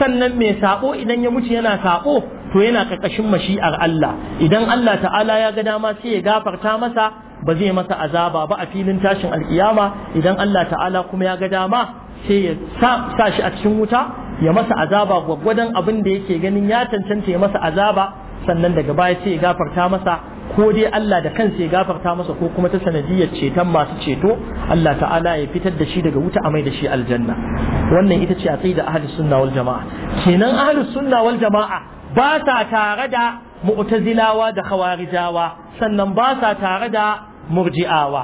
Speaker 1: sannan mai sabo idan ya mutu yana sabo to yana karkashin mashi'ar Allah idan Allah ta'ala ya ga dama sai ya gafarta masa ba zai masa azaba ba a filin tashin alkiyama idan Allah ta'ala kuma ya ga dama sai ya sa shi a cikin wuta ya masa azaba gwaggwadon abin da yake ganin ya cancanta ya masa azaba sannan daga baya sai ya gafarta masa ko dai Allah da kansa ya gafarta masa ko kuma ta sanadiyar ceton masu ceto Allah ta'ala ya fitar da shi daga wuta a mai da shi aljanna wannan ita ce aqida ahlus sunna wal jama'a kenan ahlus sunna wal jama'a ba sa tare da mu'tazilawa da khawarijawa sannan ba sa tare da murji'awa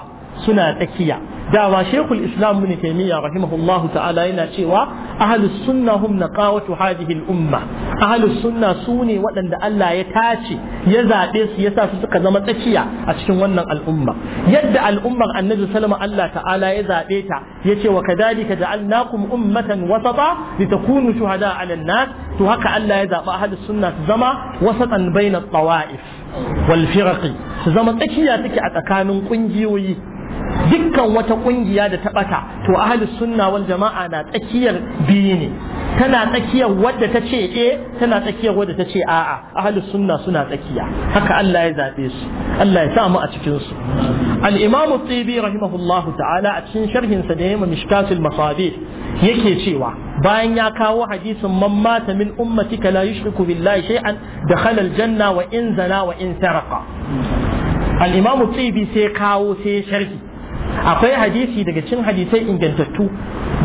Speaker 1: suna tsakiya dawa shekul islam ibn taymiya rahimahullahu ta'ala yana cewa ahlus sunna hum naqawatu hadhihi al-umma ahlus sunna sune waɗanda Allah ya tace ya zabe su yasa su suka zama tsakiya a cikin wannan al'umma yadda al'ummar annabi sallama Allah ta'ala ya zabe ta yace wa kadhalika ja'alnakum ummatan wasata litakunu shuhada 'ala an-nas to haka Allah ya zaba ahlus sunna su zama wasatan bayna tawaif wal firaqi su zama tsakiya take a tsakanin kungiyoyi dukkan wata kungiya da ta ɓata to ahli sunna wal jama'a na tsakiyar biyu ne tana tsakiyar wadda ta ce eh tana tsakiyar wadda ta ce a'a ahli sunna suna tsakiya haka Allah ya zaɓe su Allah ya sa mu a cikin su al imamu tibi rahimahullahu ta'ala a cikin sharhin sa da yayin mishkatul masabih yake cewa bayan ya kawo hadisin man mata min ummatika la yushriku billahi shay'an dakhala al janna wa in zana wa in saraqa al imamu tibi sai kawo sai sharhi akwai hadisi daga cin hadisai ingantattu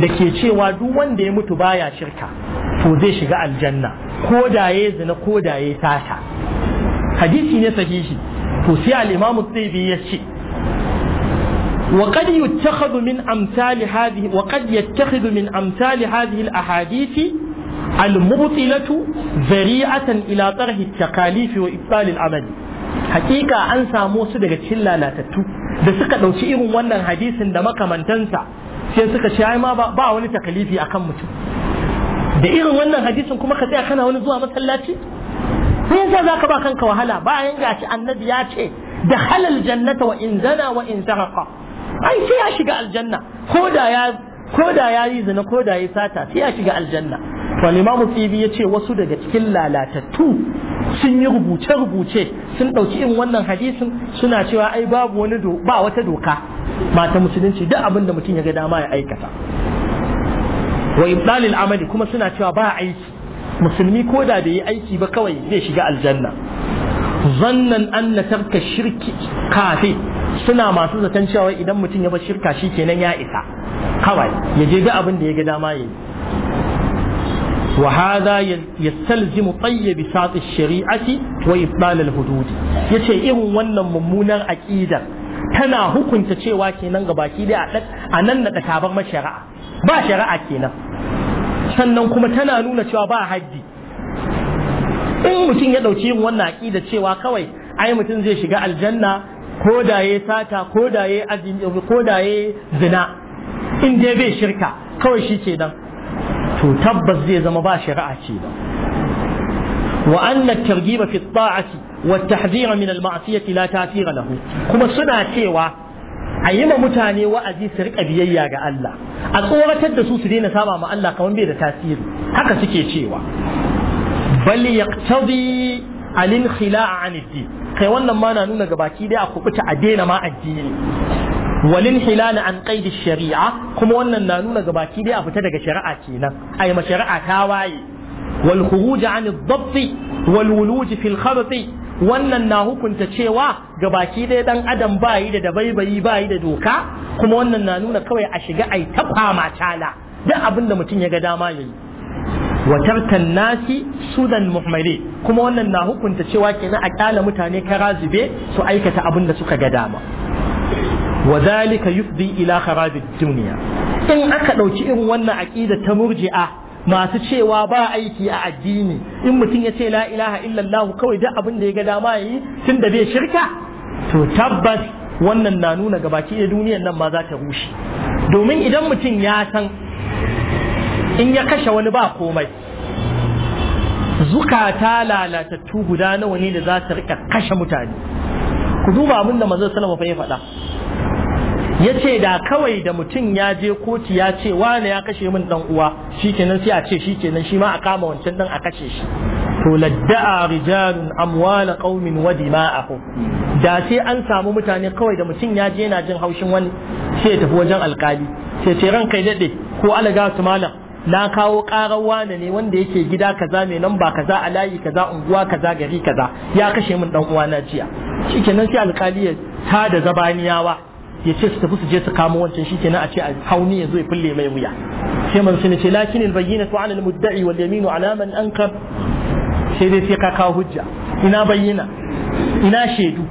Speaker 1: da ke cewa duk wanda ya mutu baya shirka to zai shiga aljanna ko da ya zina ko da ya tata hadisi ne sahihi to sai al-imamu tsibi ya ce وقد يتخذ من أمثال هذه وقد يتخذ من أمثال هذه الأحاديث المبطلة ذريعة إلى طرح التكاليف وإبطال العمل حقيقة أنسى موسى دقت لا lalatattu. da suka ɗauki irin wannan hadisin da makamantansa sai suka ce ai ma ba wani takalifi akan mutum da irin wannan hadisin kuma ka tsaya kana wani zuwa masallaci me yasa zaka ba kanka wahala bayan shi annabi ya ce da halal jannata wa in zana wa in sarqa ai sai ya shiga aljanna ko da ya ko da ya yi zina ko da ya sata sai ya shiga aljanna falimamu tsibi ya ce wasu daga cikin lalatattu sun yi rubuce-rubuce sun ɗauki irin wannan hadisin suna cewa ai babu wani ba wata doka mata musulunci duk abin da mutum ya ga dama ya aikata wa ibdalil amali kuma suna cewa ba aiki musulmi ko da da yi aiki ba kawai zai shiga aljanna zannan anna tarka shirki kafi suna masu zaton cewa idan mutum ya bar shirka shi kenan ya isa kawai ya je duk abin da ya ga dama ya yi وهذا يستلزم طيب بساط الشريعة وإبطال الحدود يتي إن ونن ممونا أكيدا تنا حكم تشي واكي ننغ باكي دي أنن نتابر ما شرع با شرع kenan. sannan kuma tana nuna cewa ba haddi in mutum ya ɗauki yin wannan aqida cewa kawai ai mutum zai shiga aljanna ko da yayi sata ko da ya ko da yayi zina in dai bai shirka kawai shi ke nan to tabbas zai zama ba shari'a ce ba wa anna targhiba fi ta'ati wa tahdhira min al ma'siyati la tasira lahu kuma suna cewa a yi ma mutane wa'azi su riƙa biyayya ga Allah a tsoratar da su su daina saba ma Allah kamar bai da tasiri haka suke cewa bal yaqtadi al inkhila' an ad-din kai wannan ma na nuna ga baki dai a kubuta a daina ma addini walin hilala an qaidi shari'a kuma wannan na nuna gabaki dai a fita daga shari'a kenan ai ma shari'a ta waye wal khuruj an ad wal wuluj fi al-khabt wannan na hukunta cewa gabaki dai dan adam bayi da dabaibayi bayi da doka kuma wannan na nuna kawai a shiga ai ta fama tala duk abinda mutum ya ga dama yayi wa tartan nasi sudan muhammadi kuma wannan na hukunta cewa kenan a kyala mutane kara zube su aikata abin da suka ga dama Wazalika zalika yufdi ila Duniya. in aka ɗauki irin wannan aqida ta murji'a masu cewa ba aiki a addini in mutum ya ce la ilaha illallah kawai duk abin ya ga dama yi tun da bai shirka to tabbas wannan na nuna gabaki da duniyar nan ma za ta rushe domin idan mutum ya san in ya kashe wani ba komai zukata lalatattu guda nawa ne da za su rika kashe mutane ku duba abin da manzon sallama fa ya faɗa ya ce da kawai da mutum ya je kotu ya ce wane ya kashe min dan uwa shikenan sai a ce shikenan shi ma a kama wancan dan a kashe shi to ladda'a rijalun amwala qaumin wa dima'ahu da sai an samu mutane kawai da mutum ya je yana jin haushin wani sai ya tafi wajen alkali sai ce ran kai dade ko alaga su malam na kawo karar wane ne wanda yake gida kaza mai nan ba kaza a layi kaza unguwa kaza gari kaza ya kashe min dan uwa na jiya shikenan sai alkali ya da zabaniyawa ya ce su tafi su je su kamo wancan shi kenan a ce a hauni ya zo ya fulle mai wuya sai man sun ce lakin albayyinatu ala almudda'i wal yaminu ala man ankar sai dai sai ka kawo hujja ina bayyana ina shaidu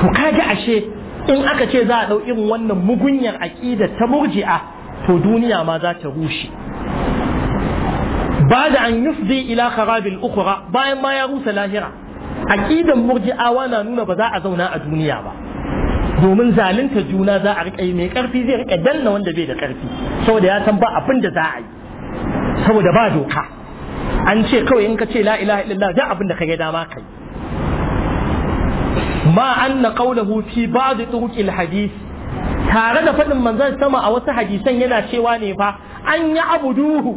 Speaker 1: to kaga ashe in aka ce za a ɗau irin wannan mugunyar aƙida ta murji'a to duniya ma za ta rushe ba da an yufdi ila kharabil ukhra bayan ma ya rusa lahira aqidan murji'awa na nuna ba za a zauna a duniya ba domin zalunta juna za a riƙa mai ƙarfi zai riƙa danna wanda bai da ƙarfi saboda ya san ba abin da za a yi saboda ba doka an ce kawai in ka ce la ilaha illallah da abin da ka ga dama kai ma anna qawluhu fi ba'd turuq hadith tare da faɗin manzon sama a wasu hadisan yana cewa ne fa an yi abuduhu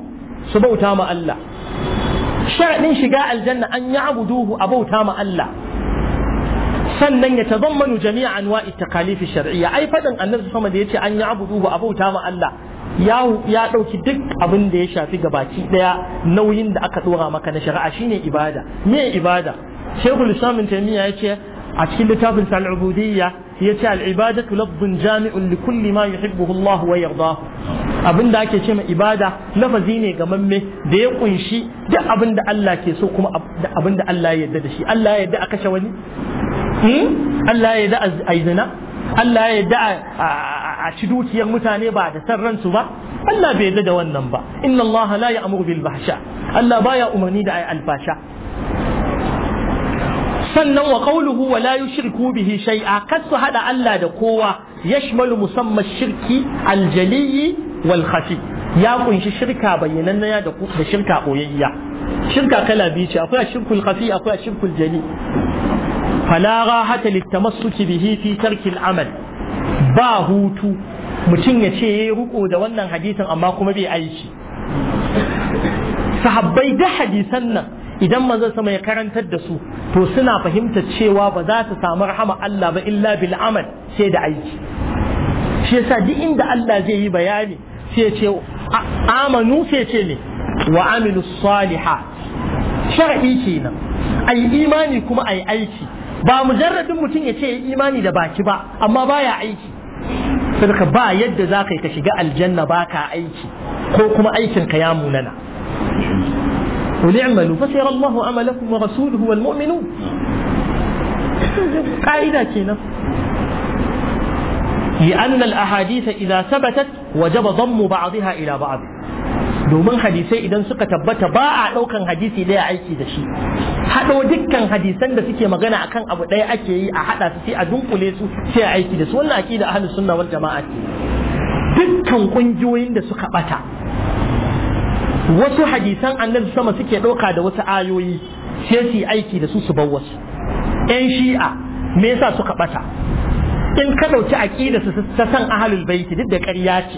Speaker 1: su bauta ma Allah sha'anin shiga aljanna an yi abuduhu a bauta ma Allah sannan ya tazammanu jami'a anwa'i takalifi shar'iyya ai fadin annabi sama da yace an yi abudu ba abauta ma Allah ya ya dauki duk abin da ya shafi gabaki daya nauyin da aka dora maka na shari'a shine ibada me ibada shaykhul islam ibn taymiya yace a cikin littafin sa al-ubudiyya yace al-ibadatu lafzun jami'un li kulli ma yuhibbuhu Allah wa yardahu abinda ake ce ma ibada lafazi ne ga mamme da ya kunshi duk abin da Allah ke so kuma da abin da Allah ya yarda da shi Allah ya yarda a kashe wani Hmm? Allah ya da a zina Allah ya da a ci dukiyar mutane ba da san ransu ba Allah bai yarda da wannan ba inna Allah la ya'muru bil basha Allah baya umarni da yi albasha. sannan wa qawluhu wa la yushriku bihi shay'a kad su hada Allah da kowa yashmalu musamman shirki al jaliyi wal khafi ya kunshi shirka bayyananniya da da shirka boyayya shirka kala biyu ce akwai shirkul khafi akwai shirkul jali falara rahata littamassuki bihi fi tarkil amal ba hutu mutum ya ce yayi ruko da wannan hadisin amma kuma bai aiki sahabbai da hadisan nan idan manzo sama ya karantar da su to suna fahimtar cewa ba za ta samu rahama Allah ba illa bil amal sai da aiki shi yasa duk inda Allah zai yi bayani sai ya ce amanu sai ce ne wa amilu salihat shar'i kenan ai imani kuma ai aiki ba mujarradin mutum ya ce imani da baki ba amma baya aiki sai ka ba yadda za ka yi ka shiga aljanna ba ka aiki ko kuma aikin ka ya munana ولعملوا فسيرى الله عملكم ورسوله والمؤمنون قاعدة كنا لأن الأحاديث إذا ثبتت وجب ضم بعضها إلى بعض domin hadisai idan suka tabbata ba a ɗaukan hadisi ɗaya aiki da shi haɗo dukkan hadisan da suke magana akan abu ɗaya ake yi a haɗa su sai a dunkule su sai a aiki da su wannan aƙida ahli sunna wal jama'a ce dukkan ƙungiyoyin da suka ɓata wasu hadisan annabi sama suke ɗauka da wasu ayoyi sai su aiki da su su bar wasu ƴan shi'a me yasa suka ɓata in ka ɗauki aƙida su ta san ahlul baiti duk da ƙarya ce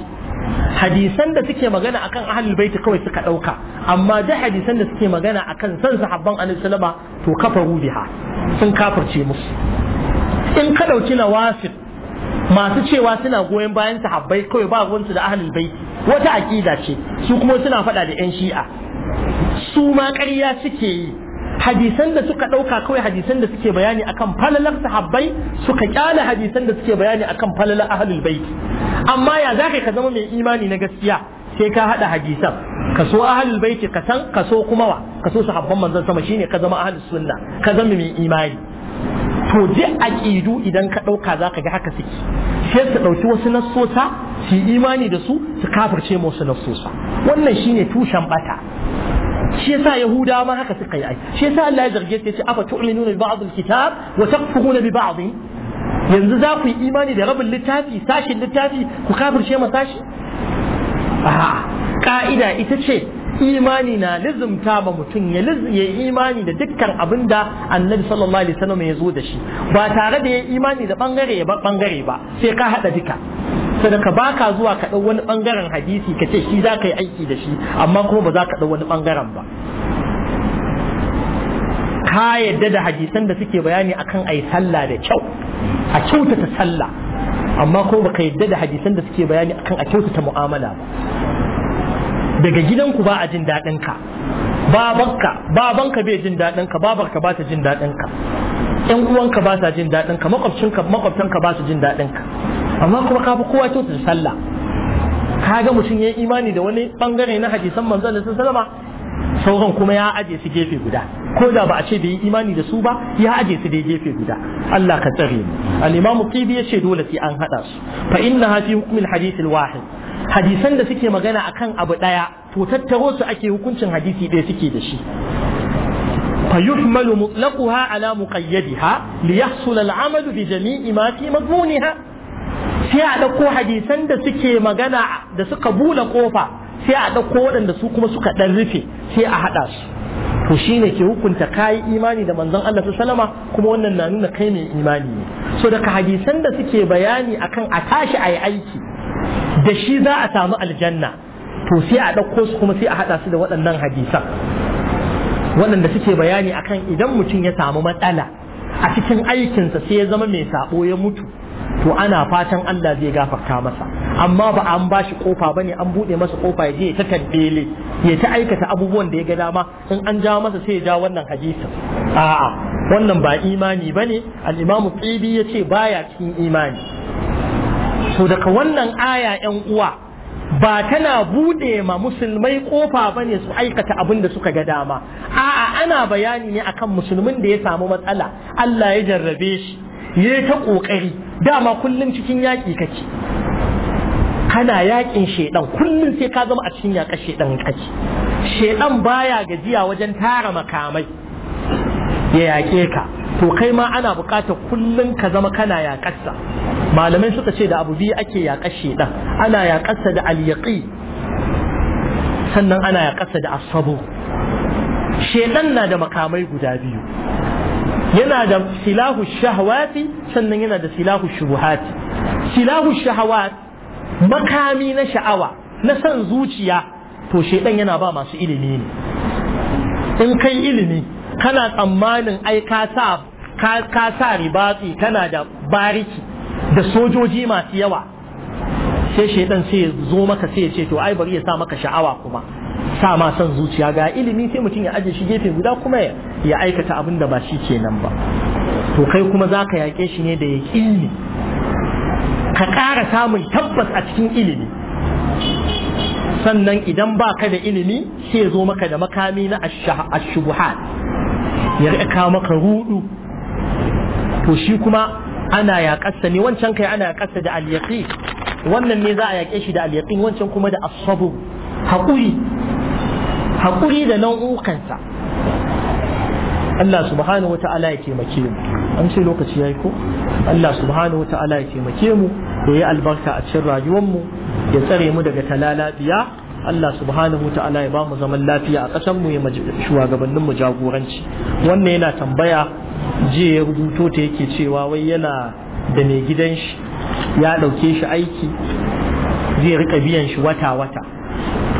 Speaker 1: hadisan da suke magana akan ahlul baiti kawai suka dauka amma da hadisan da suke magana akan san sahabban annabi sallama to kafaru biha sun kafirce musu in ka dauki wasif masu cewa suna goyon bayan sahabbai kawai ba ruwansu da ahlul baiti wata aqida ce su kuma suna fada da yan shi'a su ma ƙarya suke yi hadisan da suka ɗauka kawai hadisan da suke bayani akan falalar sahabbai suka kyala hadisan da suke bayani akan falalar ahlul bait amma ya zaka ka zama mai imani na gaskiya sai ka haɗa hadisan ka so ahlul bait ka san ka so kuma wa ka so sahabban manzon sama shine ka zama ahlus sunna ka zama mai imani to je aqidu idan ka ɗauka zaka ga haka suke sai su ɗauki wasu nassosa su imani da su su kafirce musu nassosa wannan shine tushen bata shi yasa yahuda ma haka suka yi aiki? shi yasa Allah ya zarge su yace afa tu'minuna bi ba'd al-kitab wa takfuruna bi ba'd yanzu za ku yi imani da rabin littafi sashin littafi ku kafirce ma sashi a ka'ida ita ce imani na lizumta ba mutum ya yi imani da dukkan abin da annabi sallallahu alaihi wasallam ya zo da shi ba tare da ya imani da bangare ya bar bangare ba sai ka hada duka sadaka ka zuwa ka ɗau wani ɓangaren hadisi ka ce shi za ka yi aiki da shi amma kuma ba za ka ɗau wani ɓangaren ba ka yadda da hadisan da suke bayani akan yi sallah da kyau a kyautata sallah amma kuma ba ka yadda da hadisan da suke bayani akan a kyautata mu'amala ba daga gidanku ba a jin daɗin ka babanka babanka bai jin daɗin ka babarka ba ta jin daɗin ka ƴan uwanka ba sa jin daɗin ka makwabcinka makwabtanka ba su jin daɗin ka amma kuma ka fi kowa kyauta sallah ka ga mutum ya imani da wani bangare na hadisan manzo Allah sallallahu sauran kuma ya aje su gefe guda ko da ba a ce bai yi imani da su ba ya aje su dai gefe guda Allah ka tsare mu al-imam qibi yace dole sai an hada su fa inna fi hukm al wahid hadisan da suke magana akan abu daya to tattaro su ake hukuncin hadisi ɗaya suke da shi فيحمل مطلقها على مقيدها ليحصل العمل بجميع ما في مضمونها sai a ɗauko hadisan da suke magana da suka bula kofa sai a ɗauko waɗanda su kuma suka ɗan rufe sai a haɗa su to shine ke hukunta kayi imani da manzon Allah su salama kuma wannan na nuna kai mai imani ne so daga hadisan da suke bayani akan a tashi a aiki da shi za a samu aljanna to sai a ɗauko su kuma sai a haɗa su da waɗannan hadisan waɗanda suke bayani akan idan mutum ya samu matsala a cikin aikinsa sai ya zama mai saɓo ya mutu to ana fatan Allah zai gafarta masa amma ba an bashi kofa bane an bude masa kofa ya je ya ta tambele ya ta aikata abubuwan da ya ga dama in an ja masa sai ya ja wannan hadisi a'a wannan ba imani bane al-imamu ce yace baya cikin imani to daga wannan aya yan uwa ba tana bude ma musulmai kofa bane su aikata abin da suka ga dama a'a ana bayani ne akan musulmin da ya samu matsala Allah ya jarrabe shi ya ta kokari dama kullum cikin yaƙi kake kana yaƙin shaiɗan kullum sai ka zama a cikin yaƙa shaidan kake shedan baya gajiya wajen tara makamai ya yaƙe ka to kai ma ana buƙatar kullum ka zama kana yaƙarsa malamai suka ce da abu biyu ake yaƙar shaidan ana yaƙarsa da alyaqi sannan ana yaƙarsa da asabu shaiɗan na da makamai guda biyu yana da silahu shahawati sannan yana da silahu shubuhati silahu shahawat makami na sha'awa na san zuciya to shedan yana ba masu ilimi ne in kai ilimi kana tsammanin ai ka sa ka sa ribatsi kana da bariki da sojoji masu yawa sai shedan sai ya zo maka sai ya ce to ai bari ya sa maka sha'awa kuma sa ma son zuciya ga ilimi sai mutum ya aje shi gefe guda kuma ya aikata abin da ba shi kenan ba to kai kuma za ka yaƙe shi ne da ya ka ƙara samun tabbas a cikin ilimi sannan idan ba ka da ilimi sai zo maka da makami na ashubuhat ya rika maka rudu to shi kuma ana yaƙarsa ne wancan kai ana yaƙarsa da alyaƙi wannan ne za a yaƙe shi da alyaƙi wancan kuma da asabu haƙuri haƙuri da nau'ukansa Allah subhanahu wata'ala ya taimake mu an ce lokaci ya yi ko Allah subhanahu wata'ala ya taimake mu ya yi albarka a cikin rayuwar ya tsare mu daga talala biya Allah subhanahu wa ya ba mu zaman lafiya a ƙasar mu ya shugabannin mu jagoranci wannan yana tambaya je ya rubuto ta yake cewa wai yana da mai gidan shi ya ɗauke shi aiki zai rika biyan shi wata wata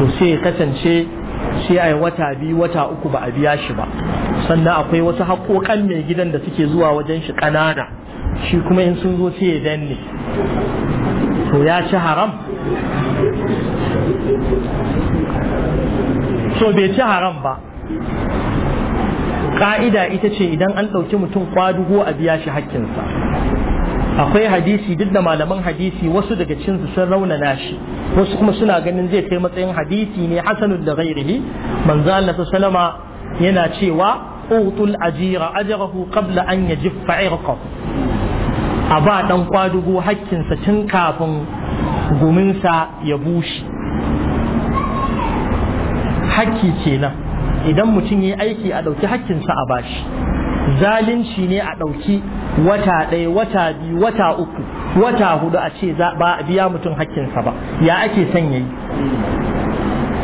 Speaker 1: to sai ya kasance sai a yi wata biyu wata uku ba a biya shi ba sannan akwai wasu haƙoƙan mai gidan da suke zuwa wajen shi ƙanana shi kuma in sun zo sai ya danne to ya ci haram so bai ci haram ba ƙa'ida ita ce idan an ɗauki mutum kwadugo a biya shi haƙƙinsa akwai hadisi duk da malaman hadisi wasu daga cinsu sun raunana shi wasu kuma suna ganin zai kai matsayin hadisi ne hasanun da ghairihi manzo Allah sallama yana cewa utul ajira ajrahu qabla an yajfa irqa a ba dan kwadugo sa tun kafin guminsa ya bushe hakki kenan idan mutum ya aiki a ɗauki hakkinsa a bashi zalunci ne a ɗauki wata ɗaya wata biyu wata uku wata hudu a ce ba a biya mutum hakkinsa ba ya ake son yayi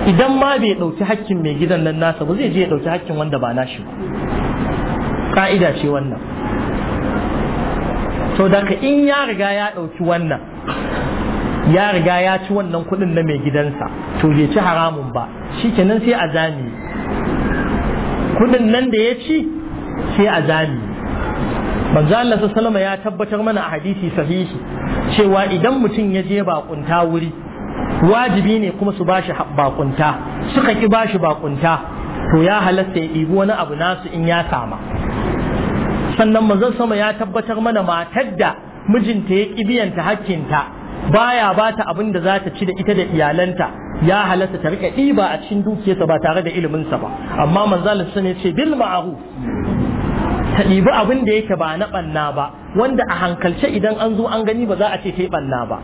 Speaker 1: idan ma bai ɗauki hakkin mai gidan nan nasa ba zai je ya ɗauki hakkin wanda ba nashi ba ƙa'ida ce wannan to daga in ya riga ya ɗauki wannan ya riga ya ci wannan kuɗin na mai gidansa to bai ci haramun ba shi kenan sai a zame kuɗin nan da ya ci sai a zani manzo Allah sallallahu ya tabbatar mana a hadisi sahihi cewa idan mutum ya je bakunta wuri wajibi ne kuma su bashi bakunta suka ki bashi bakunta to ya halatta ya ɗibi wani abu nasu in ya sama sannan manzo sama ya tabbatar mana matar da mijinta ya ƙi biyanta hakkinta baya ba ta abin da za ta ci da ita da iyalanta ya halatta ta rike ɗiba a cikin dukiyarsa ba tare da iliminsa ba amma manzo Allah ya ce bil ma'ruf ta ɗibi abin da yake ba na ɓanna ba wanda a hankalce idan an zo an gani ba za a ce ta yi ɓanna ba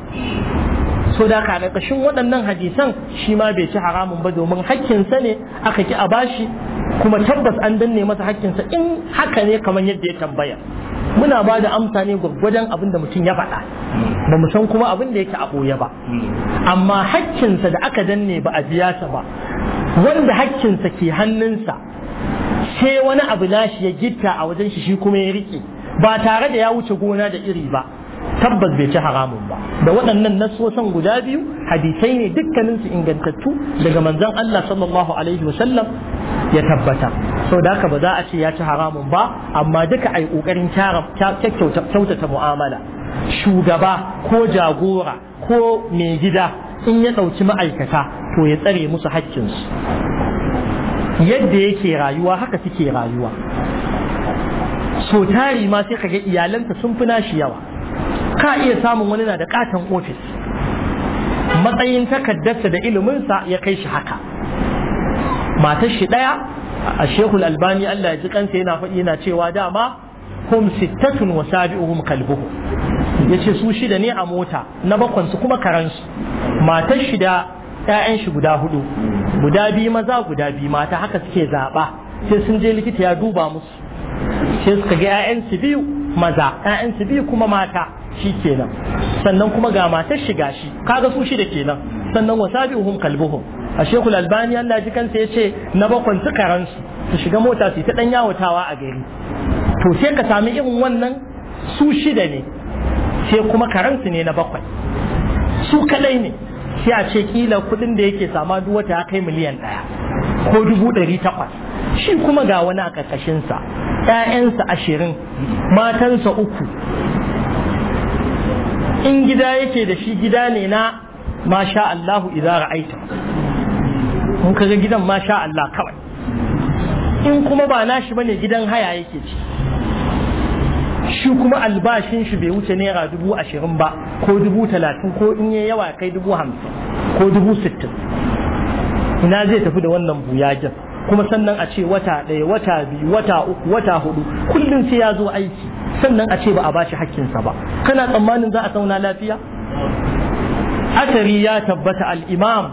Speaker 1: so da ka ƙarƙashin waɗannan hadisan shi ma bai ci haramun ba domin hakkinsa ne aka ki a bashi kuma tabbas an danne masa hakkinsa in haka ne kamar yadda ya tambaya muna ba da amsa ne gwaggwajen abin da mutum ya faɗa ba mu san kuma abin da yake a ɓoye ba amma hakkinsa da aka danne ba a biya sa ba wanda hakkinsa ke hannunsa sai wani abu nashi ya gitta a wajen shi shi kuma ya riƙe ba tare da ya wuce gona da iri ba tabbas bai ci haramun ba da waɗannan nasoshin guda biyu hadisai ne dukkaninsu ingantattu daga manzon Allah sallallahu alaihi wasallam ya tabbata sau da haka ba za a ce ya ci haramun ba amma duka a yi ƙoƙarin kyautata mu'amala shugaba ko jagora ko mai gida in ya ɗauki ma'aikata to ya tsare musu haƙƙinsu yadda yake rayuwa haka suke rayuwa so tari ma sai kaga iyalanta sun fi nashi yawa ka iya samun wani na da katon ofis matsayin takaddarsa da iliminsa ya kai shi haka matar shi ɗaya a shekul albani Allah ya ji kansa yana faɗi yana cewa dama hum sittatun wa sabi'uhum kalbuhu yace su shida ne a mota na bakwansu kuma karansu matar shida 'ya'yan shi guda hudu hmm. guda biyu maza guda biyu mata haka suke zaɓa sai sun je likita ya duba musu sai suka ga 'ya'yan su biyu maza 'ya'yan su biyu kuma mata shi kenan sannan kuma ga matar shiga shi kaga su shi da kenan sannan wasabi'uhum kalbuhum a shekul albani Allah ji kansa ya ce na bakon su karansu su shiga mota su ta ɗan yawatawa a gari to sai ka sami irin wannan su shida ne sai kuma karansu ne na bakwai su kadai ne sai a ce kila kuɗin da yake sama duk wata ya kai miliyan ɗaya ko dubu ɗari takwas shi kuma ga wani a ƙarƙashinsa ƴaƴansa ashirin matansa uku in gida yake da shi gida ne na masha Allahu idza ra'aita mun kaga gidan masha Allah kawai in kuma ba nashi bane gidan haya yake ci shi kuma albashin shi bai wuce naira dubu ashirin ba ko dubu talatin ko in yi yawa kai dubu hamsin ko dubu sittin ina zai tafi da wannan buyajin kuma sannan a ce wata ɗaya wata biyu wata uku wata hudu kullum sai ya zo aiki sannan a ce ba a bashi hakkinsa ba kana tsammanin za a zauna lafiya asari ya tabbata al-imam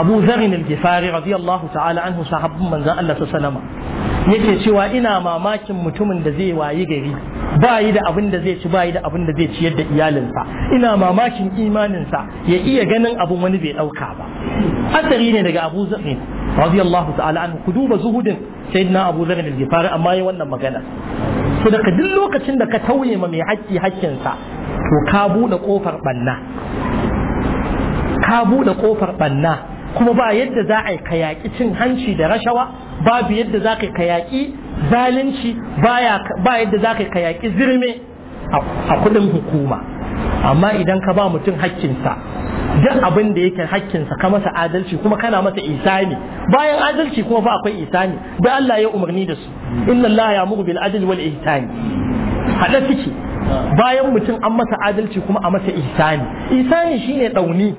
Speaker 1: abu zarin al-gifari radiyallahu ta'ala anhu sahabbun manzon Allah sallama. yake cewa ina mamakin mutumin da zai wayi gari ba yi da abin da zai ci ba yi da abin da zai ci yadda iyalinsa ina mamakin imaninsa ya iya ganin abin wani bai ɗauka ba asari ne daga abu zarin radiyallahu ta'ala anhu ku duba zuhudin sayyidina abu zarin da gifari amma yi wannan magana so daga duk lokacin da ka tauye ma mai haƙƙi haƙƙinsa to ka buɗe ƙofar ɓanna ka buɗe ƙofar ɓanna kuma ba yadda za a yi kayaki cin hanci da rashawa babu yadda za ka yi kayaki zalunci ba yadda za ka yi kayaki zirme a kudin hukuma amma idan ka ba mutum hakkinsa duk abin da yake hakkinsa ka masa adalci kuma kana masa isani bayan adalci kuma fa akwai isani da Allah ya umarni da su inna Allah ya mugu bil adl wal ihsani hada suke bayan mutum an masa adalci kuma a masa ihsani Isani shine dauni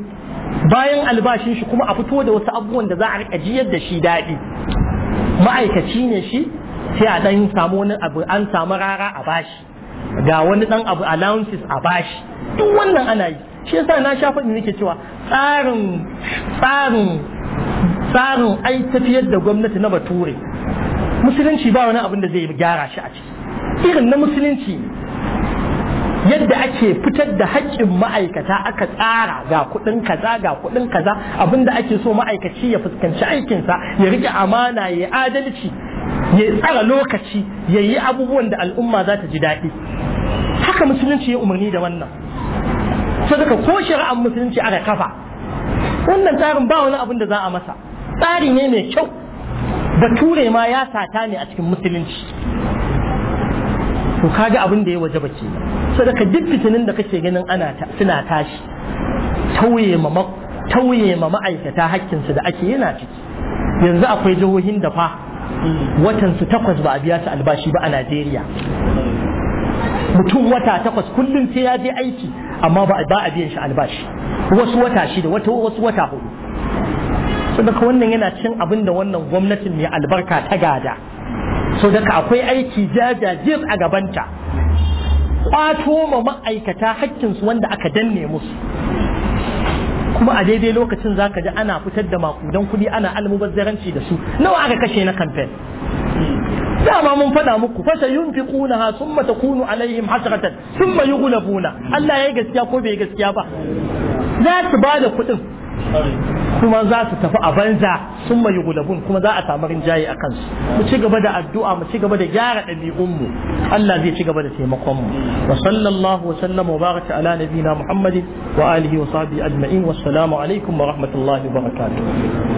Speaker 1: bayan albashin shi kuma a fito da wasu abubuwan da za a riƙa jiyar da shi daɗi ma'aikaci ne shi sai a ɗan samu wani abu an samu rara a bashi ga wani ɗan abu allowances a bashi duk wannan ana yi shi yasa na sha faɗi nake cewa tsarin tsarin tsarin ai tafiyar da gwamnati na bature musulunci ba wani abin da zai gyara shi a ciki irin na musulunci yadda ake fitar da haƙƙin ma'aikata aka tsara ga kuɗin kaza ga kuɗin kaza abinda ake so ma'aikaci ya fuskanci aikinsa ya rike amana ya adalci ya tsara lokaci ya yi abubuwan da al'umma za ta ji daɗi haka musulunci ya umarni da wannan daga ko shari'ar musulunci aka kafa wannan tsarin ba wani abin da za a masa tsari ne mai kyau da ture ma ya sata ne a cikin musulunci to kaga abin da ya waje baki sadaka duk fitinin da kake ganin ana suna tashi tauye ma tauye ma ma'aikata hakkinsu da ake yana ciki yanzu akwai jihohin da fa watan su takwas ba a biya su albashi ba a Najeriya mutum wata takwas kullum sai ya je aiki amma ba a biyan shi albashi wasu wata da wata wasu wata hudu so daga wannan yana cin abin da wannan gwamnatin mai albarka ta gada so daga akwai aiki jajajir a gabanta kwato ma ma'aikata su wanda aka danne musu kuma a daidai lokacin zaka ji ana fitar da makudan kuɗi ana almubazzaranci da su nawa aka kashe na kamfen dama mun faɗa muku Fasa fa sayunfiqunaha mata kunu alaihim hasratan thumma buna. Allah ya yi gaskiya ko bai gaskiya ba za su bada kuɗin kuma za su tafi a banza sun mai gulabun kuma za a samu rinjaye a kansu mu ci gaba da addu'a mu ci gaba da gyara ɗabi'unmu Allah zai ci gaba da taimakon mu wa sallallahu wa sallam wa baraka ala nabina Muhammadin wa alihi wa sahbihi ajma'in wassalamu alaikum wa rahmatullahi wa barakatuh